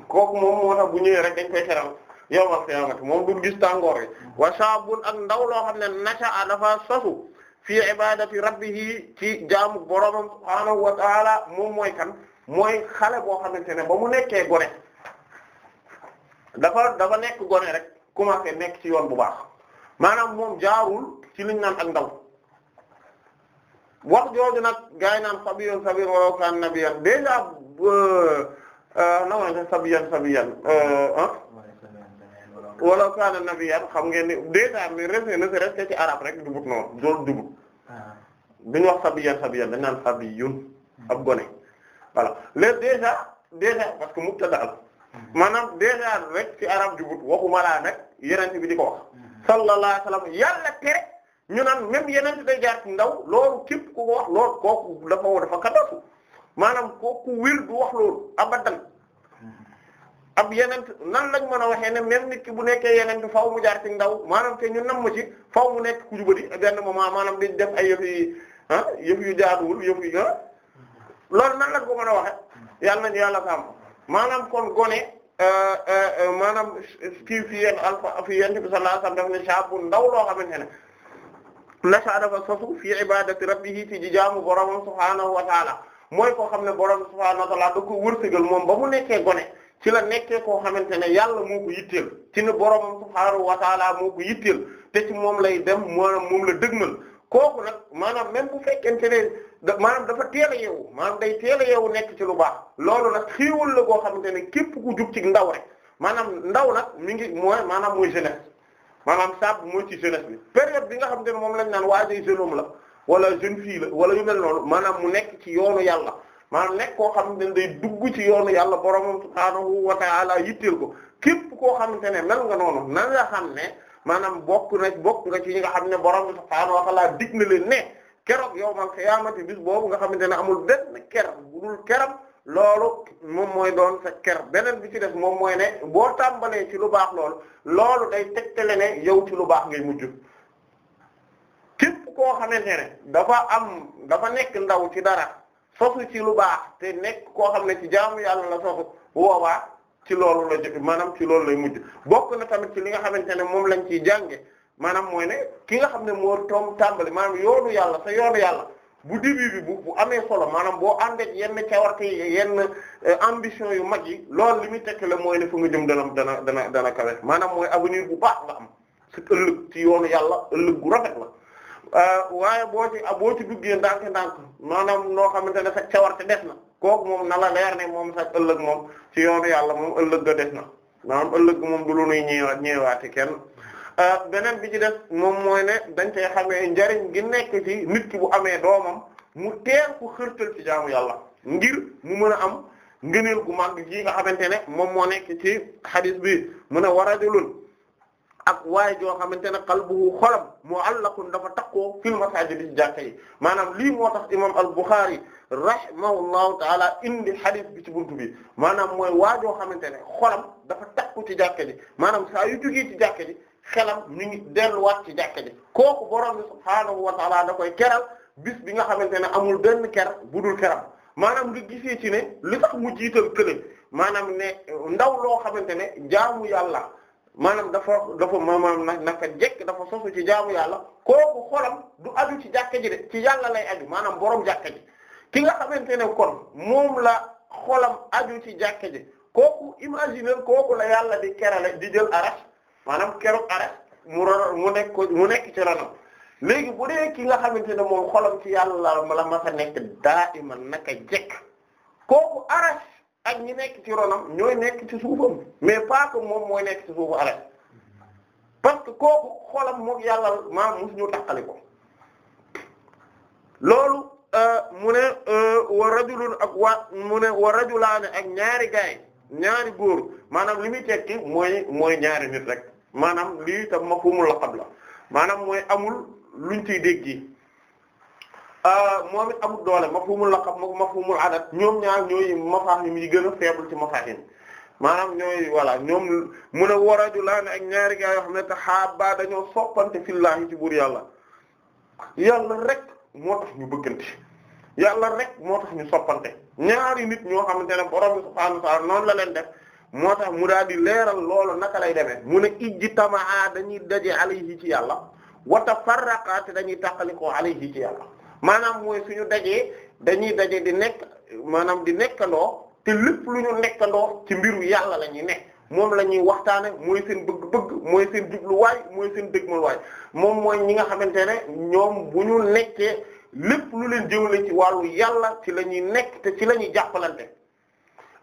kooku moom moo tax bu ñëwee rek dañ koy xeral yowmal moom du gis tàngoor wi wa shaabun ak ndaw loo xam ne nasha'a dafa sosu fii ibadati rabbihi ci jaamu boroomam subhaanahu wa taala moom mooy kan mooy xale boo xamante ne ba mu nekkee gone dafa dafa nekk gone rek commencé nekk ci yoon bu baax maanaam moom jaarul li liñ naan ak ndaw wax jooju nag gaa yi naan sabiyan sabiyan walaw kaana nabiyyan déjà euh, euh, na ma ne sabiyan sabiyan ah walaw kaana nabiyyan xam ngeen ni déjà mi resté na si resté ci arab rek dubut noonu dool dubut ah. duñu wax sabiyan sabiyan dañ naan sabiyun ab gone voilà léegi déjà déjà parce que mubtada al hmm. maanaam déjà rek ci arab dubut waxuma laa nag yeneen bi di ko wax hmm. sallallahu alayhi tere ñu naan même yeneen day jaar ci ndaw loolu képp ku ko wax loolu kooku dafa dafa kadatu maanaam kooku wér du wax loolu abadan ab yeneen nan lañ man a waxee ne même nit ki bu nekkee yeneen faaw mu jaar ci ndaw maanaam te ñu nam ma ci faaw mu nekk ku jubadi benn di def ay yëf yi ah yëf yu jaaduwul yëf yu ah loolu nan mën a waxe yàlla nañu yàlla maanaam kon gone euh, euh, euh, maanaam kii fi yeen alfa fi yeen bi sallallahu alayhi wasallam daf ne ndaw loo xamante ne nasha dafa sosu fi ibadati rabbihi ci ji jaamu borom subhaanahu wa taala mooy koo xam ne borom subhaanahu wa taala da ko wërsëgal moom ba mu nekkee gone ci la nekkee koo xamante ne yàlla moo ko yitteel ci ne borom subhaanahu wa taala moo ko te ci moom lay dem maanaam moom la dëgmal kooku nag maanaam même bu fekkente ne maanaam dafa teel a yeewu maanaam day teel a yeewu nekk ci lu baax loolu nag xiiwal la koo xamante ne képp ku jub ci ndaw rek maanaam ndaw nag mi ngi mooy maanaam mooy jeunesse maanaam saabu mooy ci jeunesse bi période bi nga xam te ne moom lañ naan waajay jeune la wala jeune fille la wala yu mel noonu maanaam mu nekk ci yoonu yàlla maanaam nekk koo xam ne day dugg ci yoonu yàlla boromam subhaanahu wa ta'ala yitteel ko képp koo xamante ne nan nga noonu nan nga xam ne maanaam bokk na bokk nga ci ñi nga xam ne borom subhaanahu wa ta'ala dig na leen ne keroog yow man xiyaamati bis boobu nga xamante ne amul benn ker budul keram loolu moom mooy doon sa ker beneen bi ci def moom mooy ne boo tàmbalee ci lu baax loolu loolu teg tegtale ne yow ci lu baax ngay mujj képp koo xam ne dafa am dafa nekk ndaw ci dara sosu ci lu baax te nekk koo xam ne ci jaamu yàlla la sosu woowaa ci loolu la jëf maanaam ci loolu lay mujj bokk na tamit ci li nga xamante ne moom lañ ci jànge maanaam mooy ne ki nga xam ne moo toom tàmbali maanaam yoonu yàlla sa yoonu yàlla bu début bi bu bu amee solo maanaam boo àndee yenn cawarte yenn euh, ambition yu mag yi lool li muy tekk la mooy ne fu nga jëm dana dana dana dana kawe maanaam mooy avenir bu baax nga am su ëllëg ci yoonu yàlla ëllëg gu rafet la euh, waaye boo ci boo ci duggee ndànk ndànk maanaam noo xamante ne sa cawarte des na kooku moom na la leer ne moom sax ëllëg moom ci yoonu yàlla moom ëllëg ga des na maanaam ëllëg moom du lu nuy ñëwaat kenn Euh, beneen bi ci def moom mooy ne dañ cey xamee njariñ gi nekk ci nit ki bu amee doomam mu teel ku xërtal ci jaamu yàlla ngir mu mën a am ngëneel ku mag gi nga xamante ne moom moo nekk ci xadis bi mu ne wa rajulun ak waaye joo xamante ne qalbuhu xolam mu'allaqun dafa takkoo fil masaajid ci jàkka yi maanaam lii moo tax imam al-Bukhari rahimahullahu taala indi xadis bi ci buntu bi maanaam mooy waajoo xamante ne xolam dafa takku ci jàkka ji maanaam saa yu jógee ci jàkka ji xelam mi ngi delluwaat ci jàkka kooku borom bi subhaanahu da koy keral bis bi nga xamante ne amul benn ker budul keram maanaam nga gisee ci ne li tax mu jiital kële maanaam ne ndaw loo xamante ne jaamu yàlla maanaam dafa dafa maanaam na naka jekk dafa sosu ci jaamu yàlla kooku xolam du aju ci jàkka ji de ci yàlla lay aju maanaam borom jàkka ki nga xamante ne kon moom la xolam aju ci jàkka ji kooku imaginer kooku la yàlla di kerale di jël arash maanaam keroog arrêt mu mu nekk mu nekk ci léegi bu dee ki nga xamante ne moom xolam ci yàlla la ma fa nekk daa iman naka jekk kooku arrêt ak ñi nekk ci ronam ñooy nekk ci suufam mais pas moom mooy nekk ci suufu arrêt parce que kooku xolam mook yàlla maam mus ñu takkali ko loolu euh, euh, mu ne wa rajulun ak waa mu ne wa rajulaane ak ñaari gaay ñaari góor maanaam li muy tekki mooy mooy ñaari nit rek maanaam lii tam mafhumul laqab la maanaam mooy amul luñ ciy dégg euh, moom it amul doole mafhumul laqab mafhumul adat ñoom ñaar ñooy mafaahim yi gën a faible ci mafaahim maanaam ñooy voilà ñoom mu ne wa ne ak ñaari gaa yoo xam ne tahaabaa dañoo soppante fillaahi ci buur yàlla yàlla rek moo tax ñu bëggante yàlla rek moo tax ñu soppante ñaari nit ñoo xamante ne borom bi subhaanahu wa ta'aala noonu la leen def moo tax mu daal di leeral loolu naka lay demee mu ne ijtamaa dañuy daje alayhi ci yàlla wa tafarraqa te dañuy tàqalikoo alayhi ci yàlla maanaam mooy suñu dajee dañuy daje di nekk maanaam di nekkandoo te lépp lu ñu nekkandoo ci mbiru yàlla la ñuy nekk moom la ñuy waxtaane mooy seen bëgg-bëgg mooy seen jubluwaay mooy seen dëgmalwaay moom mooy ñi nga xamante ne ñoom bu ñu nekkee lépp lu leen jëwale ci wàllu yàlla ci la ñuy nekk te ci la ñuy jàppalante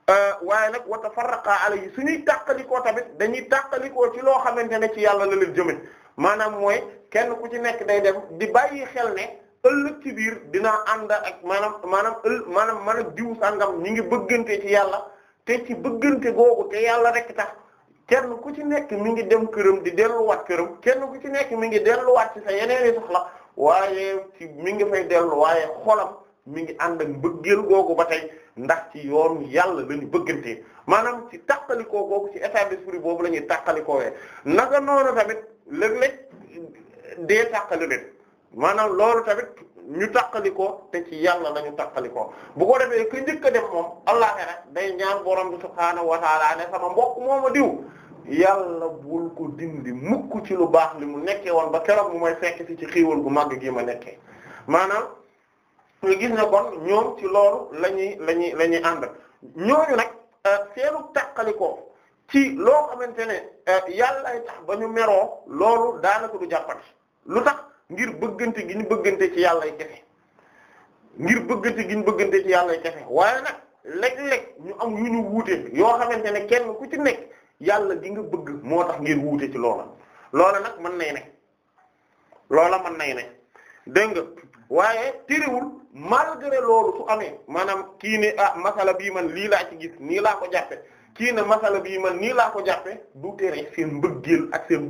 Euh, waaye nag wa tafarraqa alayhi suñuy tàqalikoo tamit dañuy tàqalikoo ci loo xamante ne ci yàlla la leen jëme maanaam mooy kenn ku ci nekk day dem di bàyyi xel ne ëllëg ci biir dina ànd ak maanaam maanaam ëll maanaam maanaam diw sàngam ñi ngi bëggante ci yàlla te ci bëggante googu te yàlla rek tax kenn ku ci nekk mi ngi dem këram di delluwaat këram kenn ku ci nekk mi ngi delluwaat ci sa yeneen i soxla waaye mi ngi fay dellu waaye xolam mi ngi ànd ak mbëggeel googu ba tey ndax ci yoonu yàlla la ñu bëggante maanaam ci tàqalikoo googu ci état d'esprit boobu la ñuy tàqalikoowee naka noonu tamit léeg-léeg dee tàqali leen maanaam loolu tamit ñu tàqalikoo te ci yàlla la ñu tàqalikoo bu ko defee ku njëkk a dem moom allahera day ñaan borom bi subhaanahu wa ne sama mbokk mooma diw yàlla bul ko dindi mukk ci lu baax li mu nekkee woon ba keroog mu may fekk ci ci xiiwal gu màgg gi ma nekkee ñu gis ne kon ñoom ci loolu lañuy lañuy la ñuy la ñuy ànd ñooñu nag euh, seenu tàqalikoo ci loo xamante ne euh, yàllaay tax ba ñu meroo loolu daanaka du jàppati lu tax ngir bëggante gi ñu bëggante ci yàllay kefe ngir bëggante gi ñu bëggante ci yàllay kefe waaye nag lekk léeg ñu am yu ñu wuute yoo xamante ne kenn ku ci nekk yàlla gi nga bëgg moo tax ngir wuute ci loola loola nag mën nay ne loola mën nay ne dégg waaye téréwul malgré loolu su amee maanaam kii ne ah masala bii man lii laa ci gis nii laa ko jàppe kii ne masala bii man nii laa ko jàppe du tere seen mbëggeel ak seen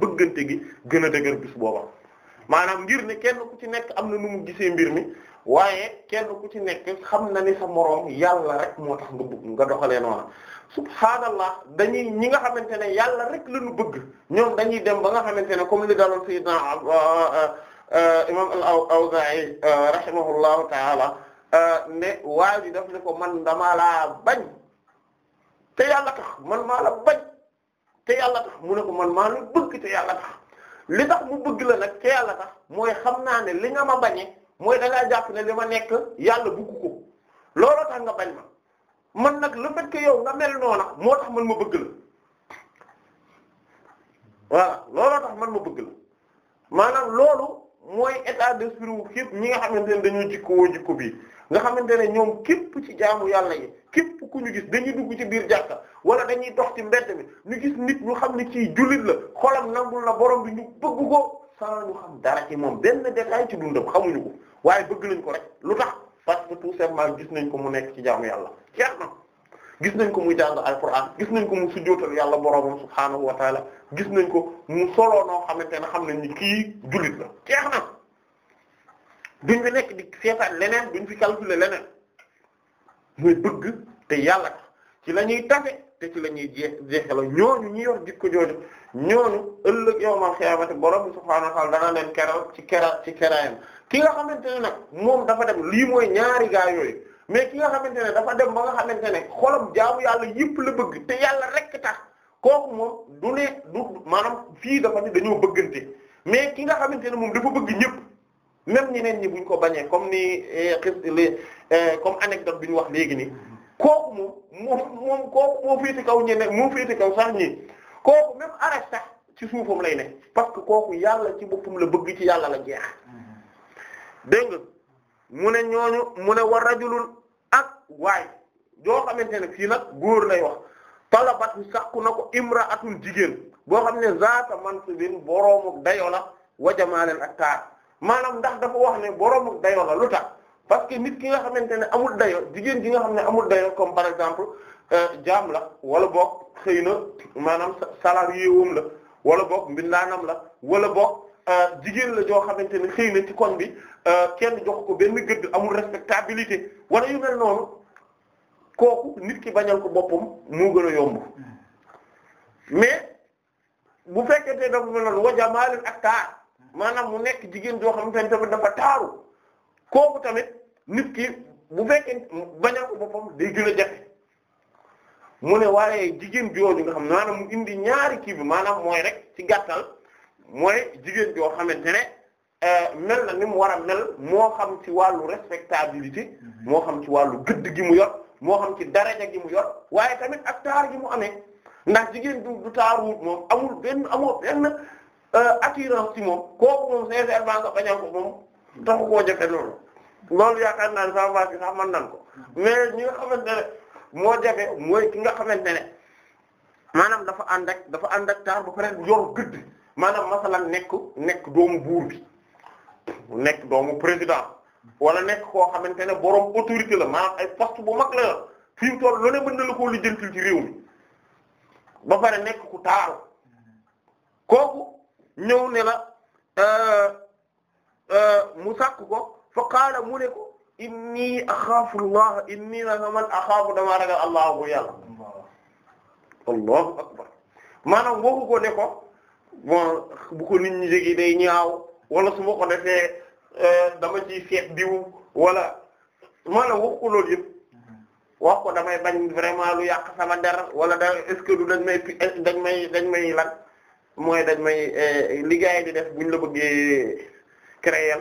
gi gën a dëgër bis booba maanaam ngir ne kenn ku ci nekk am na nu mu gisee mbir mi waaye kenn ku ci nekk xam na ni sa moroom yàlla rek moo tax nga bëgg nga doxalee noonu subhaanallah dañuy ñi nga xamante ne yàlla rek la ñu bëgg ñoom dañuy dem ba nga xamante ne comme li daloon sayyidna ah, ah, ah, Euh, imam al-Awzaa'i euh, rahimahullahu ta'ala euh, ne waa ji daf ne ko man damaa bañ te yàlla tax man maa la bañ te yàlla tax mu ne ko man maa bëgg te yàlla tax li tax mu bëgg la nag te yàlla tax mooy xam naa ne li nga ma bañee mooy da ngaa jàpp ne li ma nekk yàlla bëgg ko looloo tax nga bañ ma man nag le fait que nga mel noona moo tax man ma bëgg la voilà looloo tax man ma bëgg la maanaam loolu mooy état d'esprit wu képp ñi nga xamante ne dañoo jikkoo jikko bi nga xamante ne ñoom képp ci jaamu yàlla yi képp ku ñu gis dañuy dugg ci biir jàkka wala dañuy dox ci mbedd mi ñu gis nit ñu xam ne ci jullit la xolam nangul na borom bi ñu bëgg ko sans ñu xam dara ci moom benn détail ci dundam xamuñu ko waaye bëgg nañ ko rek lu tax parce que tout simplement gis nañ ko mu nekk ci jaamu yàlla jeex na gis nañ ko muy jàng alquran gis nañ ko mu sujjóotal yàlla boroomam subhaanahu wa taala gis nañ ko mu soloo noo xamante ne xam nañ ni kii jullit la jeex na duñ fi nekk di leneen duñ fi calculer leneen muy bëgg te yàlla ci la ñuy tafe te ci la ñuy jeex jeexela ñooñu ñi yor jikko jooju ñooñu ëllëg yowmal xiyaamati boroom subhaanahu wa taala dana leen keral ci keral ci kerayam ki a xamante nag moom dafa dem lii mooy ñaari gaa yooyu mais ki nga xamante ne dafa dem ba nga xamante ne xolam jaamu yàlla yëpp la bëgg te yàlla rek tax kooku moom du ne du maanaam fii dafa ni dañoo bëggante mais ki nga xamante ne moom dafa bëgg ñëpp même ñeneen ñi buñ ko bañee comme ni eh, eh, comme anecdote bi ñu wax léegi nii kooku moom moom moom kooku moo féete kaw ñeneen moo féete kaw sax ñi kooku même arrêt sax ci suufam lay ne parce que kooku yàlla ci boppam la bëgg ci yàlla la jeex mm-hmm. dégg nga mu ne ñooñu mu ne wa rajulun ak waay joo xamante ne fii nag góor lay wax talabat sàkku na ko imra'atun jigéen boo xam ne zaata mansibin boroomu dayo la wa jamaalin ak taar maanaam ndax dafa wax ne boroomu dayo lu tax parce que nit ki nga xamante ne amul dayo jigéen ki nga xam ne amul dayo comme par exemple euh, jaam la wala bok xëy na maanaam salarié wum la wala boog mbindaanam la wala boog Euh, jigéen la joo xamante ne xëy na ci kon bi euh, kenn jox ko benn gëdd amul respectabilité wala yu mel noonu kooku nit ki bañal ko boppam mu gën a yomb mais bu fekkente dafa mel noonu wajamaalin ak taar maanaam mu nekk jigéen joo xamante ne tamit dafa taaru kooku tamit nit ki bu fekkee bañal ko boppam day gën a jafe mu ne waaye jigéen jooju nga xam maanaam mu indi ñaari kii bi maanaam mooy rek ci gàttal. mooy jigéen joo xamante ne euh, mel na ni mu war a mel moo xam ci wàllu respectabilité mhm. moo xam ci wàllu gëdd gi mu yor moo xam ci daraja gi mu yor waaye tamit ak taar gi mu amee ndax jigéen du du taaruwut moom amul benn amoo benn euh, attirance ci moom kooku moom sincèrement nga bañal ko moom taxu koo jafe loolu loolu yaakaar naa ne sama baa gi sax man nan ko mais ñi nga xamante moo jafe mooy ki nga xamante ne maanaam dafa ànd ak dafa ànd ak taar ba pare yor gëdd maanaam masalan nekk nekk doomu buur bi nekk doomu président wala nekk koo xamante ne borom autorité la maanaam ay poste bu mag la yor fi mu lu ne mën na la koo lijjantil ci réew mi ba pare nekk ku taaru kooku ñëw ne la euh, euh, mu sàkk ko fa qaala mu ne ko inni axaafu allah inni naka man axaafu damaa ragal allah bu yàlla allahu akbar maanaam waxu ko ne bon bu ko nit ñi jege day ñaaw wala su ko defee euh, dama ci seet diw wala maanaam wax ko yëpp mm-hmm. wax ko damay bañ vraiment lu yàq sama der wala da est-ce que du dañ may eh, dañ may dañ may lan mooy dañ may eh, liggéey di def buñ la bëggee créer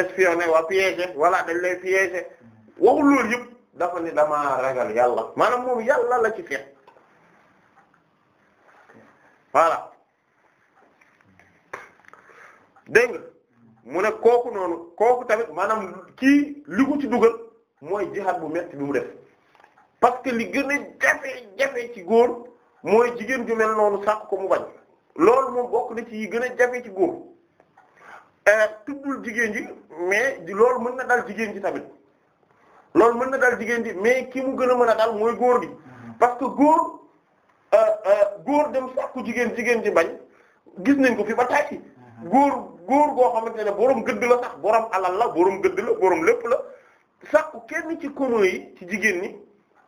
espionner waa piéger wala dañ lay piéger mm-hmm. waxul yëpp dafa ni damaa ragal yàlla maanaam moom yàlla la ci seet voilà dégg nga mu ne kooku noonu kooku tamit maanaam kii li ko ci dugal mooy jihaad bu metti bi mu def parce que li gën a jafe-jafe ci góor mooy jigéen ju mel noonu sàkk ko mu bañ loolu moom bokk na ci yi gën a jafe ci góor eh, tuddul jigéen ji mais loolu mën na dal jigéen ji tamit loolu mën na dal jigéen ji mais ki mu gën a mën a dal mooy góor gi parce que góor eh, eh, góor dem sàkku jigéen jigéen ji bañ gis nañ ko fi ba tàyyi góor góor goo xamante ne borom gëdd la sax borom alal la borom gëdd la borom lépp la sàkku kenn ci kono yi ci jigéen ñi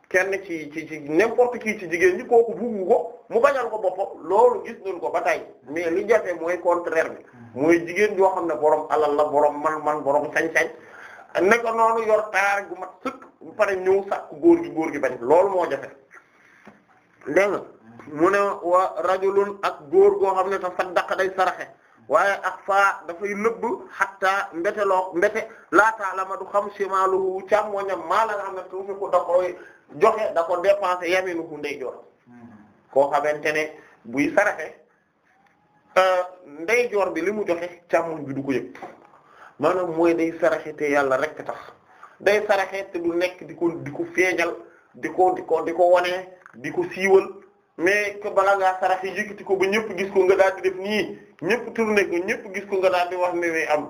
kenn ci ci ci n'importe ci jigéen ñi kooku buggu ko mu bañal ko boppam loolu gis nañ ko ba tey mais li jafe mooy contraire bi mooy jigéen yoo xam ne borom alal la borom man-man borom sañ-sañ ne ko noonu yor taar gu mat sëkk bu pare ñëw sàkku góor gi góor gi bañ loolu moo jafe dégg nga mu ne wa rajo rajulun ak góor goo xam ne ta saddaqa day saraxe waaye fa dafay lëbb xatta mbete loo mbete laataa la ma du xam shimaaluhu càmmoñam maa la nga xam ne tuuti ko da koy joxe da ko dépensé yaminuhu ndeyjoor mm-hmm. koo xamante ne buy saraxe euh, ndeyjoor bi li mu joxe càmmoñ bi du ko yëg maanaam mooy day saraxe te yàlla rek tax day saraxe te du nekk di ko di ko feeñal di ko di ko di ko di ko siiwal. mais que bala ngaa sarax yi yëkkati ko ba ñëpp gis ko nga daal di def nii ñëpp ñëpp gis ko nga daal di wax am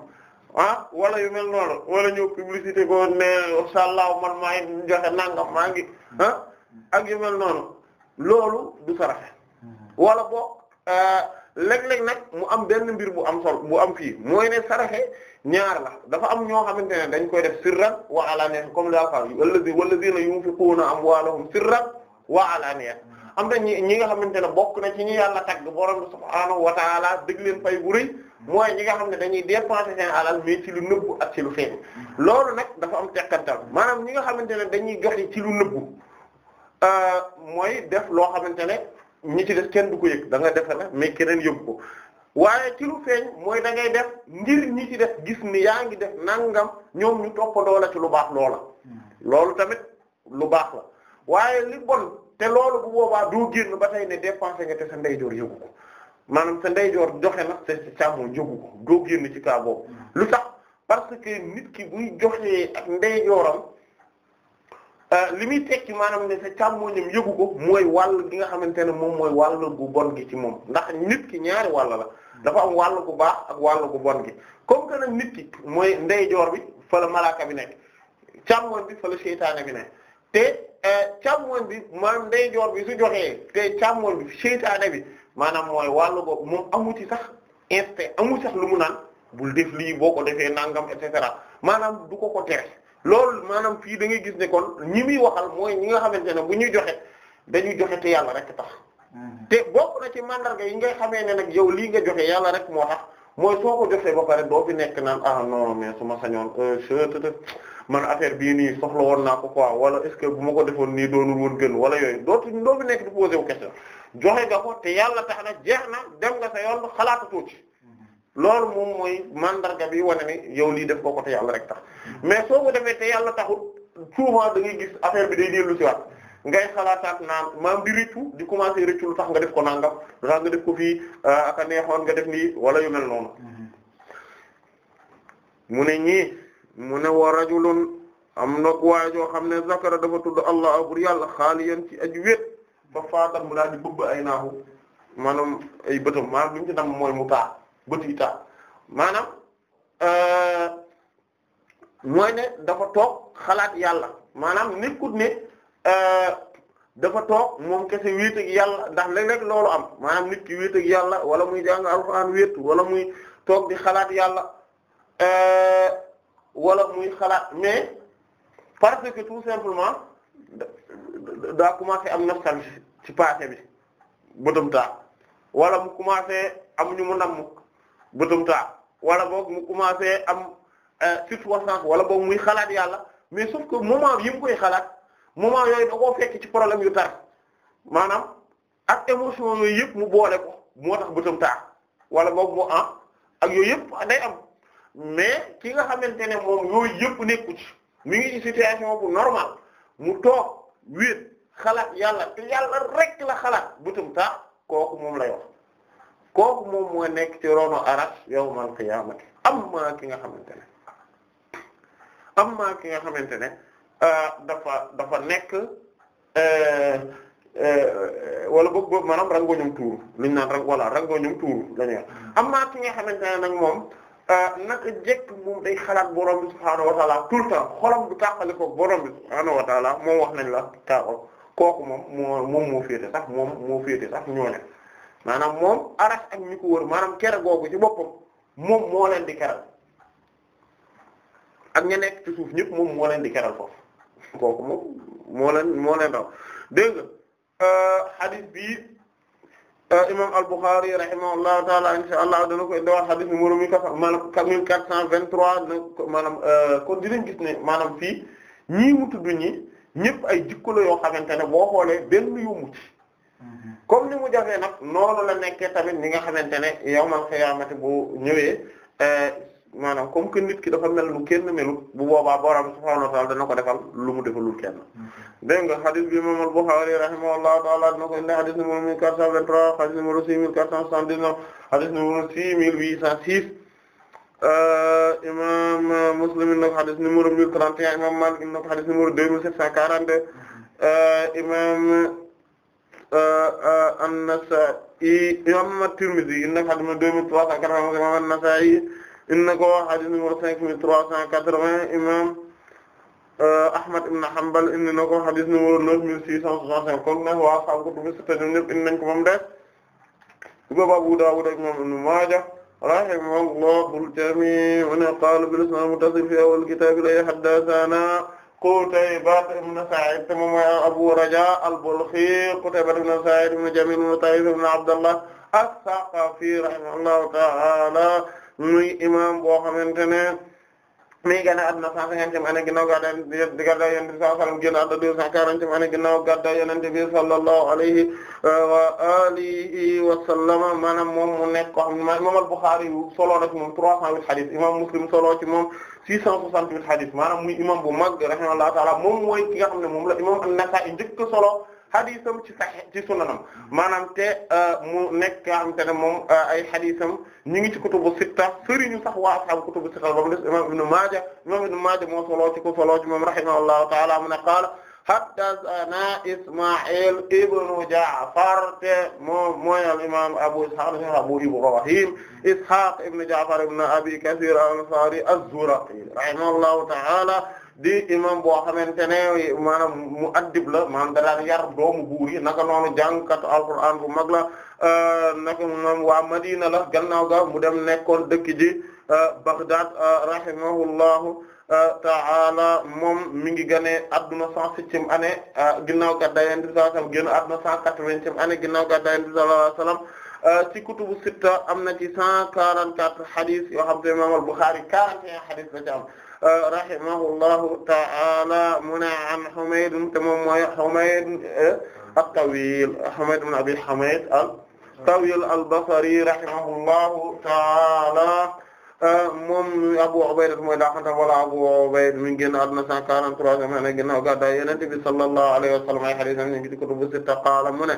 ah wala yu mel noonu wala ñëw publicité ko ne sàllaaw man maa joxe nangam maa ngi ah ak yu mel noonu loolu du saraxe wala boog euh, léeg-léeg nag mu am benn mbir bu am sol bu am fii mooy ne saraxe ñaar la dafa am ñoo xamante ne dañ koy def sirran wa alaniya comme daal fa wala wala dina yunfiquna amwalahum sirran wa alaniya am na ñi ñi nga xamante ne bokk na ci ñi yàlla tagg borom bi subhaanahu wa taala dëgg leen fay bu rëy mooy ñi nga xam ne dañuy dépenser seen alal mais lu nëbbu ak ci lu feeñ loolu nag dafa am tekkantal maanaam ñi nga xamante ne dañuy joxe ci lu nëbbu euh, mooy def loo xamante ne ñi ci def kenn du ko yëg da nga defe na mais keneen yëg ko waaye ci lu feeñ mooy da ngay def ngir ñi ci def gis ni yaa ngi def nangam ñoom ñu toppandoo la ci lu baax loola hmm. loolu tamit lu baax la waaye li bon te loolu bu boobaa doo génn ba tey ne dépensé nga te sa ndeyjoor yëgu ko maanaam sa ndeyjoor joxe na te sa càmmoñ yëgu ko doo génn ci kaa mm. lu tax parce que nit ki buy joxee ak ndeyjooram euh, li muy tekki maanaam ne sa càmmoñam yëgu ko mooy wàll gi nga xamante ne moom mooy wàll gu bon gi ci moom ndax nit ki ñaari wàll la mm. dafa am wàll gu baax ak wàll gu bon gi comme que nag nit ki mooy ndeyjoor bi fa la malaaka bi nekk càmmoñ bi fa la seytaane bi te eh, càmmoñ bi maanaam ndeyjoor bi su joxee te càmmoñ bi seytaane bi maanaam mooy wàllu boobu moom amu ci sax instinct amu sax lu mu naan bul def lii boo ko defee nangam et cetera maanaam du ko ko tere loolu maanaam fii da ngay gis ne kon ñi muy waxal mooy ñi nga xamante ne bu ñuy joxe dañuy joxe te yàlla rek tax mm-hmm. te bokk na ci mandarga yi ngay xamee ne nag yow lii nga joxe yàlla rek moo tax mooy soo ko joxee ba pare doo fi nekk naan ah non mais su ma sañoon euh, man affaire bii nii soxla woon naa ko ko wala est ce bu ma ko defoon nii doonul woon gën wala yooyu dootu doo fi nekk di posé wu question joxe nga ko te yàlla tax na jeex na dem nga sa yoon xalaatatoo ci mm-hmm. loolu moom mooy mandarga bi wane ni yow lii def ko ko te yàlla rek tax mm-hmm. mais soo ko defee te yàlla taxul souvent da ngay gis affaire bi day dellu ci waat ngay xalaataat naan maam di rëccu di commencer rëccu lu tax nga def ko nangam lu tax nga def ko fii ah, ak neexoon nga def nii wala yu mel mu ne wa rajulun am na waay joo xam ne zakara dafa tudd allah abur yàlla xaaliyan ci aju wét fa faatat mu daal di bëbb ay naahu maanaam ay bëtam maanaam li ñu nam mooy mu taa bët yi taa maanaam euh, mooy ne dafa toog xalaat yàlla maanaam nekkut ne euh, dafa toog moom kese wéet ak yàlla ndax léeg loolu am maanaam nit ki wéet yàlla wala muy jàng alxuraan wet wala muy toog di xalaat yàlla euh, wala muy xalaat mais parce que tout simplement daa commencé am nostalgie ci passé bi bëtam taa wala mu commencé am ñu mu namm bëtam taa wala boog mu commencé am circonstance euh, wala boog muy xalaat yàlla mais sauf que moment yi mu koy xalaat moment yooyu da koo fekk ci problème yu tar maanaam ak émotion yooyu yëpp mu boole ko moo tax bëtam wala boog mu ah ak yooyu yëpp day am mais ki nga xamante ne moom yooyu yëpp nekku ci mi ngi ci situation bu normal mu toog wiir xalaat yàlla te yàlla rek la xalaat bëtum tax kooku moom la kooku moom moo nekk ci rono arash yow qiyaamati amma ki nga xamante ne amma ki nga xamante ne euh, dafa dafa nekk euh, euh, wala bëgg boobu maanaam rangoñum tuuru li ñu naan rang wala rangoñum tuuru la ñu am amma ki nga xamante ne nag moom Euh, naka jekk moom day xalaat borom bi subhaanahu wa tout le temps xolam du tàqale ko borom bi subhaanahu wa taala moom wax nañ la taaxal kooku moom moom moo féete sax moom moo féete sax ñoo maanaam moom arax ak ñi ko wër maanaam kere googu ci boppam moom moo leen di keral ak ña nekk ci suuf ñëpp moom moo leen di keral foofu kooku moom moo leen moo leen raw dégg nga euh, hadith bi Euh, imam al-Bukhari rahimahullahu taala insha allah dana ko indiwaat xadis numéro mille quatre maanaam mille quatre cent vingt-trois maanaam euh, kon dinañ ne maanaam fii ñii mu tudd ñi ñëpp ay jikko la yoo xamante ne boo xoolee benn yomb ci comme ni mu jafee nag noonu la nekkee tamit ñi nga xamante ne yawmal xiyaamati bu ñëwee euh, maanaam comme que nit ki dafa mel lu kenn melut bu boobaa borom subhaanahu wa ta'aala dana ko defal lu mu defalul kenn dégg nga xadis bi imam al-Bukhârî rahimahullahu ta'aala dina ko indi xadis numéro 1423 xadis numéro 6479 xadis numéro 6806 euh, imam Muslim dina ko xadis numéro 1031 imam Maalik dina ko xadis numéro 2742 euh, imam euh, an-Nasaa'i imam at-Tirmidhi dina ko xadis numéro 2380 imam an-Nasaa'i in na ko hadith numéro cinq mille trois cent quatre-vingts imam euh, Ahmad ibn Hanbal indi na ko hadith numéro neuf mille six cent soixante-cinq kon nag waa xam ko tubi sita ñoom ñëpp indi nañ ko moom def ibab Abu Dawud ak imam Ibn Maaja rahimahullahu al-jamii' wa qaala bil-isnaad al-muttasil fii awwal kitaab ilayhi haddathanaa Qutayba ibn Sa'id moom mooy Abu Rajaa al-Balkhi Qutayba ibn Sa'id ibn Jamiil ibn Tariif ibn Abdallah as-Saqafi rahimahullahu ta'aala muy imam boo xamante ne mi gane adduna cent cinquantième année ginnaaw gadda gadda yonent bi sallallahu alayhi wa sallam génn adduna deux cent quarantième année ginnaaw gadda yonent bi wa alihi wa sallama maanaam moom mu nekk ko xam ne imam al-Bukhari yu soloo na ci moom trois cent huit hadith imam Muslim soloo ci moom six cent soixante-huit hadith maanaam muy imam bu mag rahimahullahu ta'ala moom mooy ki nga xam ne moom la imam an-Nasa'i njëkk solo xadisam ci sax ci sunanam maanaam te euh, mu nekk nga xamante ne moom euh, ay xadisam ñu ngi ci kutubu sitta sëriñu sax waa ashaabu kutubu sitta ba mu des imam ibnu Maaja imam ibnu Maaja moo soloo ci ko soloo ci moom rahimahullahu taala mu ne qaala haddathana Isma'il ibnu Ja'far te moom mooy al imam Abu Ishaq Abu Ibrahim Ishaq ibnu Ja'far ibnu Abi Kathir al-Ansari az-Zuraqi rahimahullahu taala di imam boo xamante ne maanaam mu addib la maanaam da daan yar doomu buur naka noonu jàngkatu alquran bu mag la euh, naka moom waa Madina la gannaaw ga mu dem nekkoon dëkk ji euh, Baghdad euh, rahimahullahu ta'ala moom mi ngi gane adduna cent septième année ginnaaw gàddaay Yonent bi sallallahu alayhi wasallam génn adduna cent quatre-vingtième année ginnaaw gàddaay ci kutubu sitta am ci cent quarante-quatre hadith yoo xam te imam al-Bukhari quarante et ci am rahimahullahu ta'ala mu ne an Humayd te moom mooy Humayd eh, at-Tawil Humayd ibn Abi Humayd at-Tawil al-Basri rahimahullahu ta'ala eh, moom Abu Ubayda mooy daaxanta wala Abu Ubayda mi ngi génn àdduna 143 am na ginnaaw gàddaay Yonent bi sallallahu alayhi wa sallam ay hadiis ñu ngi ci kutubu sitta qaala mu ne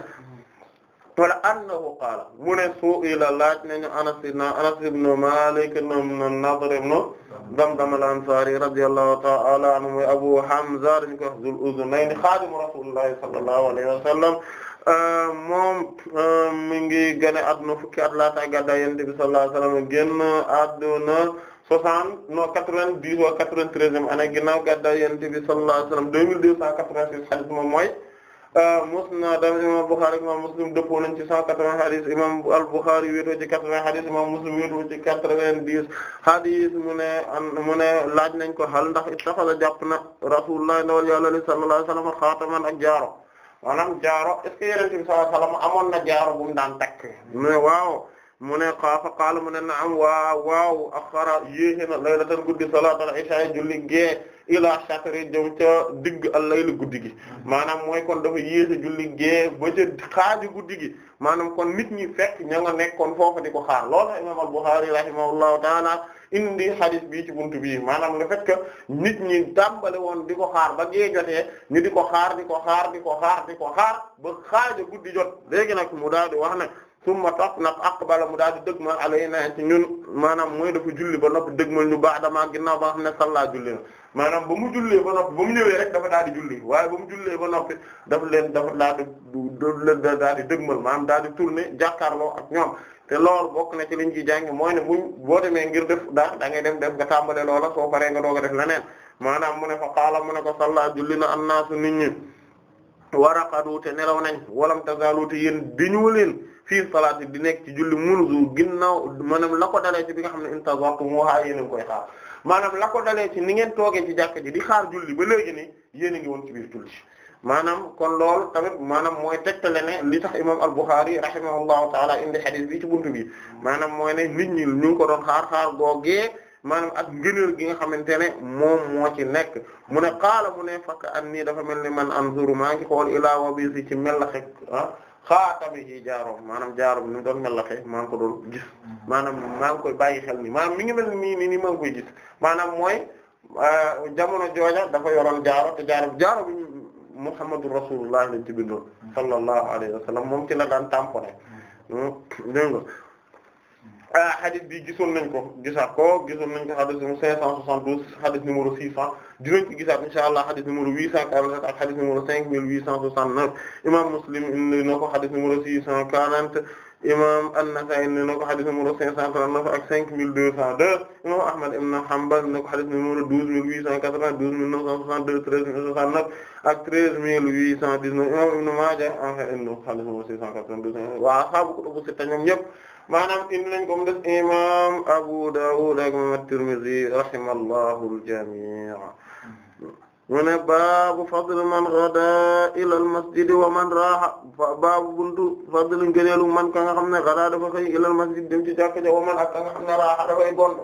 wala annahu qaala mu ne su'ila laaj nañu Anas ibn Anas ibn Malik ibn Nadr ibn Damdam al-Ansari radiyallahu ta'ala anhu mooy Abu Hamza dañu koy wax Zul Uzunayn xaadimu Rasulillahi sallallahu alayhi wa sallam moom mi ngi génn àdduna fukki at laata gàddaa Yonent bi sallallahu alayhi wa sallam génn àdduna soixante no quatre-vingt-dix wa quatre-vingt-treizième année ginnaaw gàddaa Yonent bi sallallahu alayhi wa sallam deux mille deux cent quatre-vingt-six hadith moom mooy Euh, musnad imam Bukhari imam Muslim dëppoo nañ ci 180 hadis imam al-Bukhari wéetoo ci 80 hadis imam Muslim wéetoo ci 90 hadis mu ne mu laaj nañ ko hal ndax it ittaxala jàpp na Rasulullah ndawal Yàlla sallallahu alayhi wa sallam xaataman ak jaaro maanaam jaaro est ce que Yonent bi sallallahu amoon na jaaro bu mu daan takk mais waaw mu ne xaafa qaala mu ne na am waaw waaw axara yéexi na laylatan guddi salaatal isha julli gee ilaa shatri jëm ca digg al laylu guddi gi maanaam mooy kon dafa yéexi julli gee ba ca xaaju guddi gi maanaam kon nit ñi fekk ña nga nekkoon foofu di ko xaar loolu imaam al-Bukhari rahimahullahu taala indi hadith bi ci buntu bii maanaam le fait que nit ñi tàmbale woon di ko xaar ba gee jotee ñu di ko xaar di ko xaar di ko xaar ko xaar ba xaaju guddi jot léegi nag mu daal di wax nag summa topp nag aqbala mu daal di dëgmal alaynaa ci ñun maanaam mooy dafa julli ba noppi dëgmal ñu baax damaa ginnaaw ba nga na ne sallaa julli na maanaam ba mu jullee ba noppi ba mu ñëwee rek dafa daal di julli waaye ba mu jullee ba noppi dafa leen dafa daal di daal di dëgmal maanaam daal di tourner jàkkaarloo ak ñoom te loolu bokk na ci liñ ci jànge mooy na buñ boo demee ngir def daa da ngay dem def nga tàmbale loola soo paree nga doog a def leneen maanaam mu ne fa qaala mu ne ko sallaa julli na annaasu nit ñi waraqadu te nelaw nañ walam tazalu te yéen bi ñu leen fii salaati di nekk ci julli munzu ginnaaw maanaam la ko dalee ci bi nga xam ne intazartumuha yéen a ngi koy xaar maanaam la ko dalee ci ni ngeen toogee ci jàkka ji di xaar julli ba léegi ni yéen a ngi woon ci biir julli maanaam kon lool tamit maanaam mooy tegtale ne li tax imam al-Bukhari rahimahullahu taala indi xadis bi ci buntu bi maanaam mooy ne nit ñi ñu ngi ko doon xaar xaar googee maanaam ak ngëneel gi nga xamante ne moom moo ci nekk mu ne qaala mu ne fakk nii dafa mel ni man anzuru maa ngi xool ilaa wabisi ci mel la ah xaatamihi jaaroom maanaam jaaroom ni mu doon mellaxe maa ngi ko doon gis maanaam maa koy bàyyi xel ni maanaam mi ngi mel nii nii nii maa ngi koy gis maanaam mooy euh, jamono jooja dafa yoroon jaaro te jaaro jaaro bi Muhammadu Rasulullah lañ ci bindoon mm. sallallahu alayhi wa sallam moom ci la daan tamponné mm. Mm. dégg nga Euh, hadith bi gisoon nañ ko gisaat ko gisoon nañ ko hadith numéro 572 hadith numéro 600 dinañ ko gisaat insha Allah hadith numéro 847 ak hadith numéro 5869 imam Muslim indi na ko hadith numéro 640 imam An-Nasa'i indi na ko hadith numéro 539 ak 5202 imam Ahmad ibn Hanbal indi na ko hadith numéro 12880 12962 13069 ak 13819 imam Ibn Maaja indi na ko hadith numéro 692 wa ashaabu kutubu sitta ñoom ñépp maanaam indi nañ ko mu des imam Abu Dawud ak imam At-Tirmidhi rahimallahu al-jami' mu ne baabu fadl man ghadaa ila masjid wa man raaha baabu buntu fadl ngëneelu man ka nga xam ne ghadaa dafa xëy ila al-masjid dem ci jàkka dafay gond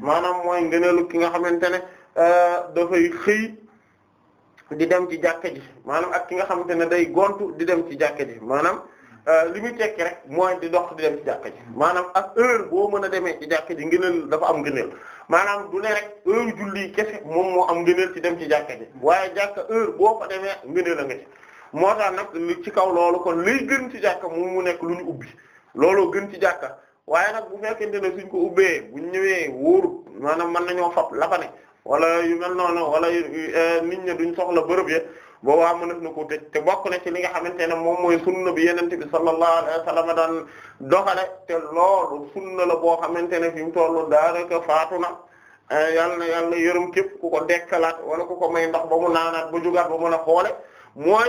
maanaam mooy ngëneelu ki nga xamante ne euh, dafay xëy di dem ci jàkka ji maanaam ak ki nga xamante ne day gontu di dem ci jàkka ji maanaam Euh, li muy tekki rek mooy di dox di dem ci jàkka ji maanaam a heure boo mën a demee ci jàkka ji ngëneel dafa am ngëneel maanam du ne rek heure julli kese moom moo am ngëneel ci dem ci jàkka ji waaye jàkka heure boo fa demee ngëneel a nga moo tax nag ci kaw loolu kon liy gën ci jàkka moom mu nekk lu ñu ubbi looloo gën ci jàkka waaye nag bu fekkente ne suñ ko ubbee bu ñëwee wóorut maanaam mën nañoo fab lafane fa ne wala yu mel noonu wala euh, nit ñi duñ soxla bërëb ya boobaa mënees na ko tëj te bokk na ci li nga xamante ne moom mooy sunna bi yenente bi sallallahu alayhi wa sallam daan doxale te loolu sunna la boo xamante ne fi mu toll daanaka faatu na eh, yàlla na yàlla yërëm képp ku ko dekkalaat wala ku ko may ndox ba mu naanaat ba jugaat ba mën a xoole mooy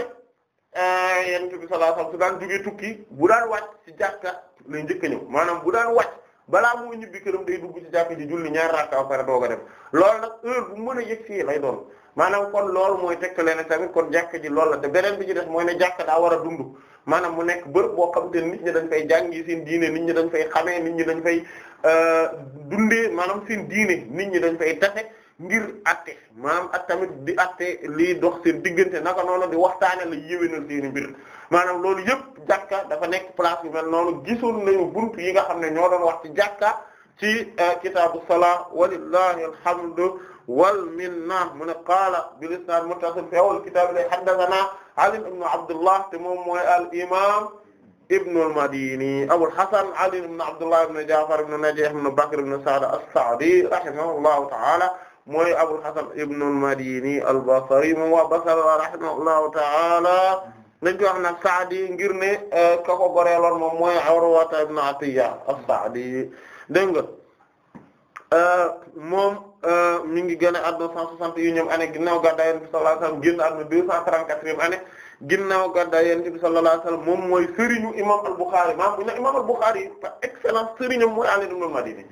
eh, yenente bi sallallahu alayhi su daan jugee tukki bu daan wàcc ci jàkka lay njëkk ñëw maanaam bu daan wàcc balaa moo ñibbi këram day dugg ci jàkk ji julli ñaar rakka pare doog a dem loolu nag heure bu mën a yëg lay doon maanaam kon lool mooy tekkale ne tamit kon jàkk ji lool la te beneen bi ci des mooy ne jàkk daa war a dund maanaam mu nekk bërëb boo xam te nit ñi dañ fay jàngi seen diine nit ñi dañ fay xamee nit ñi dañ fay euh, dundee maanaam seen diine nit ñi dañ fay tase ngir atte maanaam ak tamit di atte lii dox seen diggante naka noonu di waxtaane la yéwénal seen mbir maanaam loolu yëpp jàkka dafa nekk place yu mel noonu gisoon nañu buntu yi nga xam ne ñoo doon wax ci jàkka ci euh, kitaabu salaa walillahi alhamdu wal minna mu ne qaala bil isnaad muttasil fi awwal kitaab lay haddathana Ali ibn Abdullah te moom mooy al imaam Ibn al-Madini Abul Hasan Ali ibn Abdullah ibn Ja'far ibn Najih ibn Bakr ibn Sa'd as-Sa'di rahimahullahu ta'ala mooy Abul Hasan Ibn al-Madini al-Basri moom waa Basra rahimahullahu ta'ala dañ ko wax nag Saadi ngir ne euh, ka ko goreeloon moom mooy Urwata ibn Atiyya as-Saadi nga euh, moom euh, mi ngi génn àdduna cent soixante yu ñoom année ginnaaw gàddaay Yonent bi sallallahu alayhi wasallam génn àdduna ginnaaw gàddaay Yonent bi sallallahu moom mooy sëriñu imam al-Bukhari maam bu ñu imam al-Bukhari yi par excellence sëriñam mooy Ali ibn al-Madini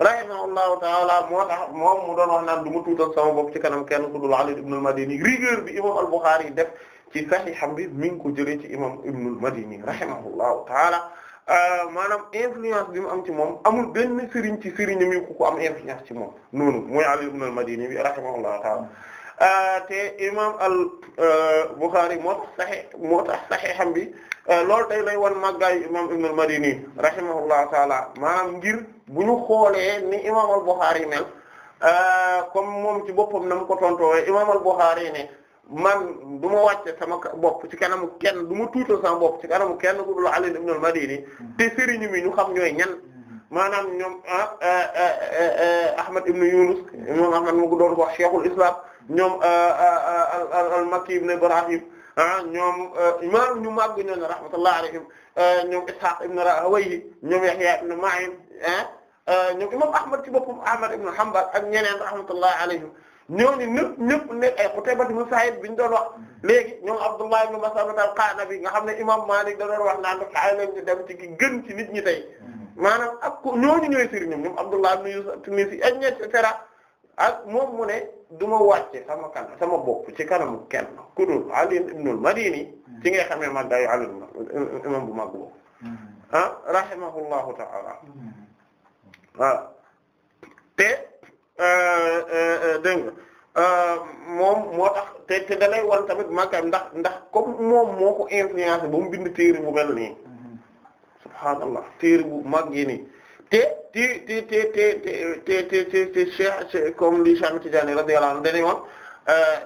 rahimahullahu moo mu doon wax naan du ma tuutal ci kanam kenn ku dul bi imam al-Bukhari yi def ci sahiham bi mi ngi ko jëlee ci imam Ibnul Madini rahimahullahu taala euh, maanaam influence bi mu am ci moom amul benn sëriñ ci sëriñam yi ku ko am influence ci moom noonu mooy Ali Ibnul Madini bi rahimahullahu taala euh, te imam al euh, Bukhari moo tax bi loolu day lay wan màggaayu imam Ibn al Madini rahimahullahu taala maanaam ngir bu ñu xoolee ni imam al Bukhari mel comme moom ci boppam na mu ko tontoowe imam al ne man du ma wàcce sama bopp ci kanamu kenn du ma tuutal sama bopp ci kanamu kenn ku dul Ali ibn al-Madini ñu mm-hmm. sëriñ mi ñu xam ñooy ñan mm-hmm. maanaam ñoom ah, eh, eh, eh, Ahmad ibn Yunus mm-hmm. moom Ahmad mu ko doon ko wax Cheikhul Islam ñoom al-Makki Ibrahim ah, ñoom imam ñu màgg ñoon ne rahmatullah alayhim ñoom Ishaq ibn Rahawayh ñoom Yahya ibn Ma'in ah ci boppam Ahmad ibn Hanbal ak ñeneen rahmatullah alayhim ñooñu ñëpp ñëpp ne ay Qutayba ibn Sa'id bi ñu doon wax léegi ñoom Abdullah ibn Mas'ud al-Qanabi nga xam ne imam Malik da doon wax naan xaay lañ ci dem ci gën ci nit ñi tey maanaam ak ku ñooñu ñooy sëriñ ñoom ñoom Abdullah ibn Yusuf Tunisi ak ñet et cetera ak moom mu ne du ma wàcce sama kan sama bopp ci kanam kenn ku dul Ali ibn al-Madini ci ngay xamee màggaayu Ali imam bu màgg boobu mm-hmm. ah rahimahullahu ta'ala mm-hmm. te Euh, euh, euh, dégg nga moom moo tax te dalay wal tamit wan tamit ndax ndax comme moom moo ko influencé bu mu bind téere bu mel nii subhaanallah téere bu mag yi nii te te te te te te te te kom li Cheikh Tidiane radiyallahu anhu dañuy wax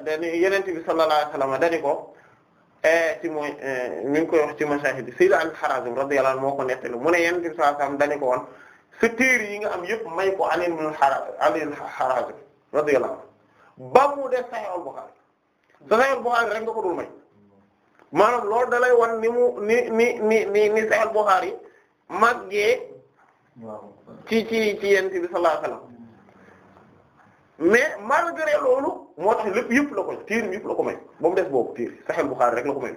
dañuy Yonent bi sallallahu alayhi wa sallam dañu ko e, ci mooy e, mi ko koy wax ci masaahid Sayyid al-Harazim radiyallahu anhu moo ko nettali mu ne Yonent bi sallallahu alayhi wa ko woon. sa téere yi nga am yépp may ko Ali ibn al-Harazi radiyallahu anhu ba mu def Sahih al-Bukhari Sahih al-Bukhari rek nga ko dul may maanaam loolu dalay wan ni mu ni ni ni ni ni Sahih moo tax lépp yëpp la ko téere yëpp la ko may ba mu def boobu téere Sahih al-Bukhari rek la ko may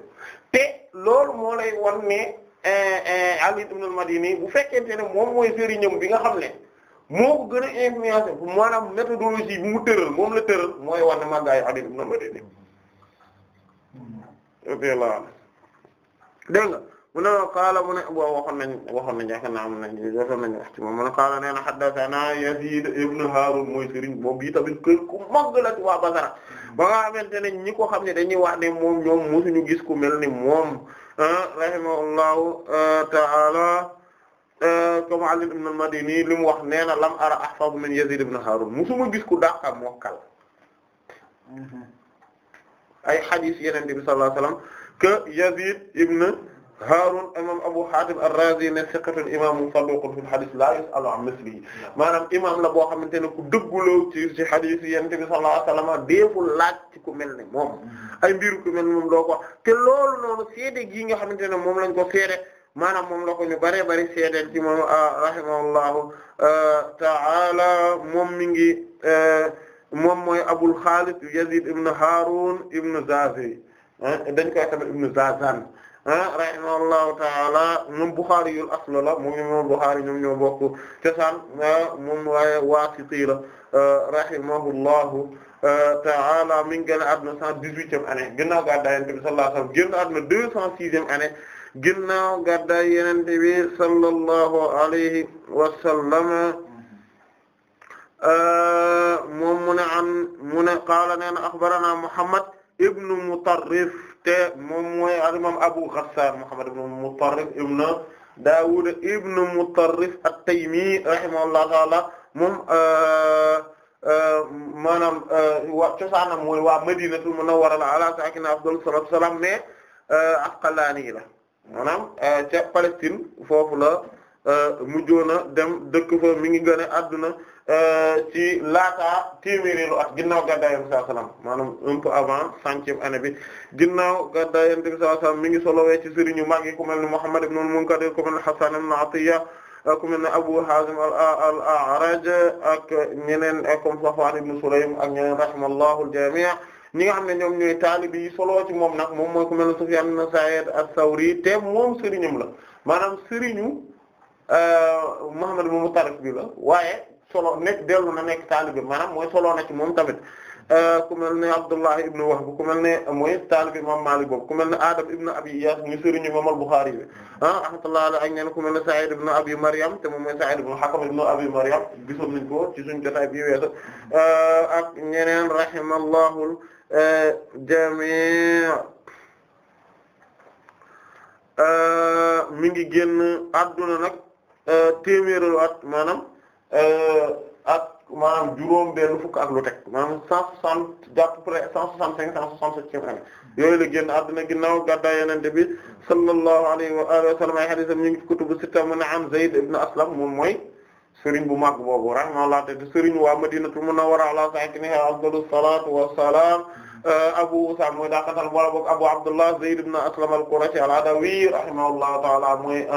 te loolu moo lay wan ne Eh, eh, Ali ibn al-Madini bu fekkee ne moom mooy sëriñam bi nga xam ne moo gën a influencé maanaam méthodologie bi mu tëral moom la na màggaayu Ali ibn al mu ne qaala mu ne waaw waxoon na waxoon nañ yaakaar naa mu ne qaala nee na haddathana Yazid ibn xam ne dañuy wax ne moom ñoom mosuñu gis ku mel ni moom rahimahullahu euh, ta'ala euh, comme Ali ibn al-Madini li mu wax nee na lam ara ahfazu min Yazid ibn Harun musuma gis ku dàqa mokkal mhm. ay hadith yeneen bi sallallahu alayhi wasallam que Yazid ibn Haarun imam Abu Haatim ar-Raazi ne siqatun imaamun saduuqun fil hadiis laa yus'alu an mislihi maanaam imaam la boo xamante ne ku dëgguloo ci ci hadiis Yonent bi sallallaahu alayhi wa sallam deeful laaj ci ku mel ne moom ay mbir ku mel ne moom doo ko te loolu noonu seede gi nga xamante ne moom lañ ko seede maanaam moom la ko ñu bëree bëri seedeel ci moom ah, rahimahullahu ah, ta'ala moom mi ngi eh, moom mooy Abul Xaalid Yaziid ibn Haarun ibn Zazi eh, dañ koy tamit ibn Zazan rahimahullahu taala moom Bukhari yul asla la moom imam Bukhari ñoom ñoo bokk cosaan moom waaye waasiti la rahimahullahu taala mi ngi génn àdduna cent dix-huitième année ginnaaw gàddaay Yonent bi sallallahu alayhi wasallam génn àdduna deux cent sixième année ginnaaw gàddaay Yonent bi sallallahu alayhi wasallam moom mu ne an mu ne qaala nee na axbarana Muhammad ibnu Mutarrif te moom mooy al-imam Abu Ghassan Muhammad ibn Mutarrif ibn Dawud ibn Mutarrif at-Taymi rahimahullahu ta'ala moom euh, euh, maanaam euh, waa cosaanam mooy waa Madinatul Munawwara ala saakina afdalu salaatu wa salaam mais Asqalaani la maanaam ca Palestine foofu la mujjoona dem dëkk fa mi ngi gën a adduna. Euh, ci laataa téeméeri at ginnaaw gàddaay Yonent bi sallallahu manaam wasallam maanaam un peu avant centième année bi ginnaaw gàddaay Yonent bi sallallahu alayhi wasallam mi ngi solowee ci sëriñu mag yi ku mel ni Muhammad ibn al-Munkadir ku mel ni Hasan ibn Atiyya euh, ku mel ne Abu Hazim al-A'raj ak ñeneen euh, comme Safwan ibn Sulaym ak ñeneen rahimallahu al-jami' ñi nga xam ne ñoom ñooy taalibe yi solo moom nag moom mooy ku mel ne Sufyan ibn Sa'id as-Sawri te moom sëriñam la maanaam sëriñu Muhammad ibn Mutarrif bi la waaye solo nekk dellu na nekk taalibe maanaam mooy solo na ci moom tamit euh, ku ne Abdullah ibn Wahb ku ne mooy taalibe imam Malik boobu ku mel ne Adam ibn Abi Iyas muy sëriñu imam al ah rahmatullah ala ak ñeen ku mel ne Sa'id ibn Abi Maryam te moom mooy Sa'id ibn Hakam ibn Abi Maryam gisoon nañ ko ci suñu jotaay bi weesu euh, ak ñeneen rahimallahu jami' euh, mi ngi génn adduna nag téeméeru maanaam Euh, ak maanaam juróom benn fukk ak lu teg maanaam cent soixante jàpp près cent soixante cinq cent soixante septième année yooyu la génn àdduna ginnaaw gàddaay Yonent bi sallallahu alayhi wa alihi wa sallam ay hadiisam ñu ngi ci kutubu sitta mu ne an Zayd ibn Aslam moom mooy sëriñ bu mag boobu rahimahullah te sëriñ waa Madinatul Munawwara ala saakiniha afdalu salaatu wa salaam euh, Abu Usaama mooy daa katal wala boog Abu Abdullah Zayd ibn Aslam al-Qurashi al-Adawi rahimahullahu ta'ala mooy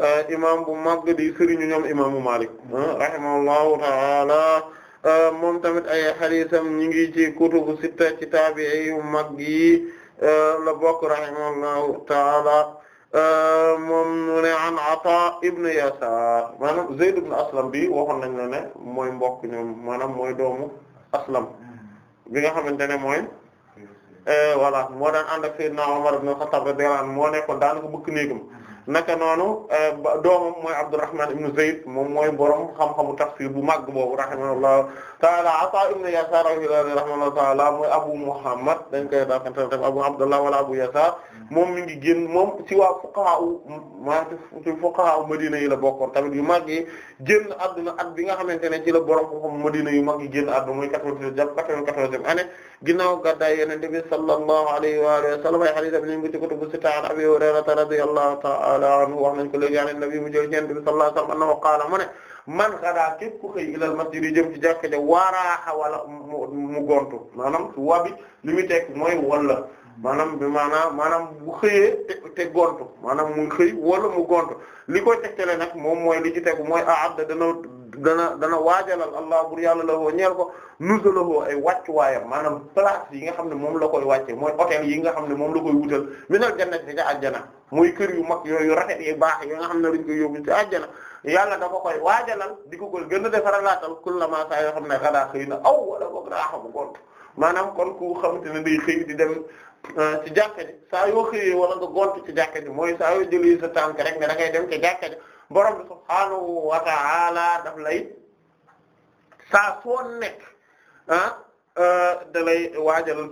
Euh, imam bu mag di sëriñu ñoom imaamu Malik ah, rahimahullahu ta'ala euh, moom tamit ay hadiisam ñi ngi ci kutubu sitta ci taabi'i mag yi euh, la bokk rahimahullahu ta'ala moom mu ne an Ata ibn Yasar maanaam Zayd ibn Aslam bi waxoon nañ la mooy mbokk ñoom maanaam mooy doomu Aslam bi nga xamante ne mooy voilà moo daan ànd ak Umar ibn Khattab radiyallahu anhu moo nekkoon daanaka bëkk néegam naka noonu euh, doomam mooy Abdurrahman ibn Zayd moom mooy borom xam-xamu tafsir bu màgg boobu rahimahullahu ta'ala Ata ibn Yasar al-Hilali rahimahullahu ta'ala mooy Abu Muhammad dañ koy daakantal def Abu Abdullah wala Abu Yasar hmm. moom mi gi génn moom ci waa fuqaha ma ci fuqaha Madina yi la bokkoon tamit yu màgg yi génn adduna at bi nga xamante ne ci la borom xam-xamu Madina yu màgg yi génn adduna mooy 94 jàpp 94e année ginnaaw gàddaay Yonent bi sallallahu alayhi wa sallam ta'ala anhu wax nañ ko léegi an nabi mu jël ñent bi sallallahu alayhi wa sallam annahu qaala mu ne man xadaa képp ku xëy ilal masjid yi jëm ci jàkka ja waaraaxa wala mu gontu maanaam su wabi li muy teg mooy wala maanaam bi maanaam bu xëyee te te gontu maanaam mu xëy wala mu gontu li koy tegtale nag moom mooy li ci tegu mooy aadda ah, dana dana dana waajalal allah bur yàlla la woo ñeel ko nuzulahu ay waayam maanaam place yi nga xam ne moom la koy wàcce mooy hôtel yi nga xam ne moom la koy wutal minal jannati ca àjjana mooy kër yu mag yooyu rafet yi baax yi nga xam ne dañ koy yóbbu ci àjjana yàlla da ko koy waajalal di ko koy gën a defaralaatal kullama saa yoo xam ne xadaa xëy na aw wala boog daa xamu gont maanaam kon ku xamante ne day xëy di dem euh, ci jàkka ji saa yoo xëyee wala nga gont ci jàkka ji mooy saa yoo jëlee sa tànk rek ne da borom bi subhaanahu wa ta'ala daf lay saa soo nekk ah euh, da lay waajalal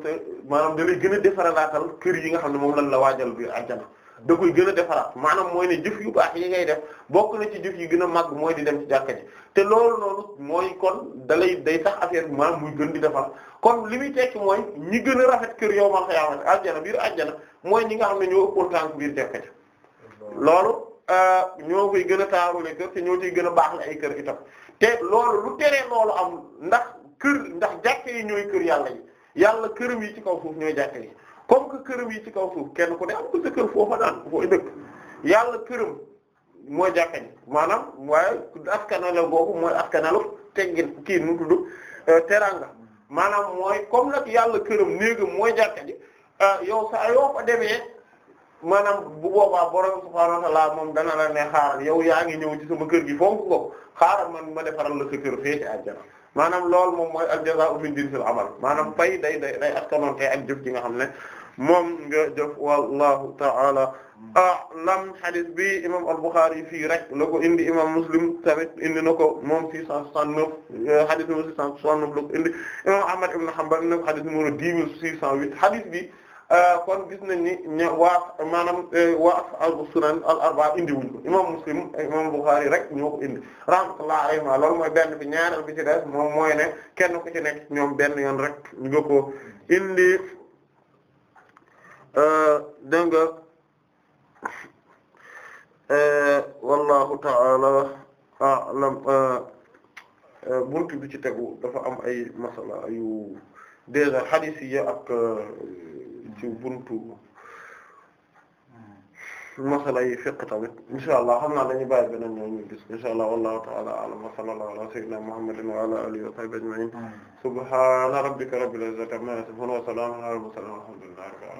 maanaam da lay gën a defaralaatal kër yi nga xam ne moom lañ la waajal bi àjjana da gën a defaraat maanaam mooy ne jëf yu baax yi ngay def bokk na ci jëf yi gën a màgg mooy di dem ci jàkka te loolu noonu mooy kon da lay day tax affaire bi maanaam muy gën di defar kon li muy tekki mooy ñi gën a rafet kër yow ma xëyaama àjjana biir àjjana mooy ñi nga xam ne ñoo ëppoon tànk biir jàkka loolu Euh, ñoo koy gën a taarule kër te ñoo ciy gën a baax la ay kër itam te loolu lu teree loolu am ndax kër ndax jàkke yi ñooy kër yàlla yi yàlla këram yi ci kaw suuf ñooy jàkke yi comme que këram yi ci kaw suuf kenn ku ne am ko kër foofa daan fooy dëkk yàlla këram mooy jàkka maanaam waaye askanala boobu mooy askanalu teggin kii nu tudd euh, teranga maanaam mooy comme nag yàlla këram néegam mooy jàkka ji euh, yow saa yoo demee maanaam bu boobaa borom subhaanahu wa ta'aala moom dana la ne xaaral yow yaa ngi ñëw ci sama kër gi fonk ko xaaral man ma defaral la sa kër fee ci àjjana maanaam loolu moom mooy al-jazaa'u min jinsil amal maanaam fay day day day askanoonte ak jëf gi nga xam ne moom nga jëf wallahu ta'ala a'lam hadith bi imam al-Bukhari fii rek la ko indi imam Muslim tamit indi na ko moom 669 hadith numéro 669 la ko indi imam Ahmad ibn Hanbal indi na ko hadith numéro 10608 hadith bi Euh, kon gis nañ ni ña waa maanaam euh, waa al arba indi wuñ ko imam muslim imam bukhari rek ñoo ko indi rahmatullah alayhima mooy benn bi ñaareel bi ci des moom mooy ne kenn ku ci nekk ñoom benn yoon rek nga ko indi euh, dégg wallahu ta'ala a'lam buntu ci tegu dafa am ay masala yu déjà hadith yi ak ci buntu masala yi fiqh tamit insha allah xam naa dañuy bàyyi beneen yoon ñu gis insha allah wallahu ta'ala a'lam wa sallallahu ala sayyidina muhammadin wa ala alihi wa sahbihi ajma'in subhana rabbika rabbil izzati amma yasifun wa salamun ala al mursalin walhamdulillahi rabbil alamin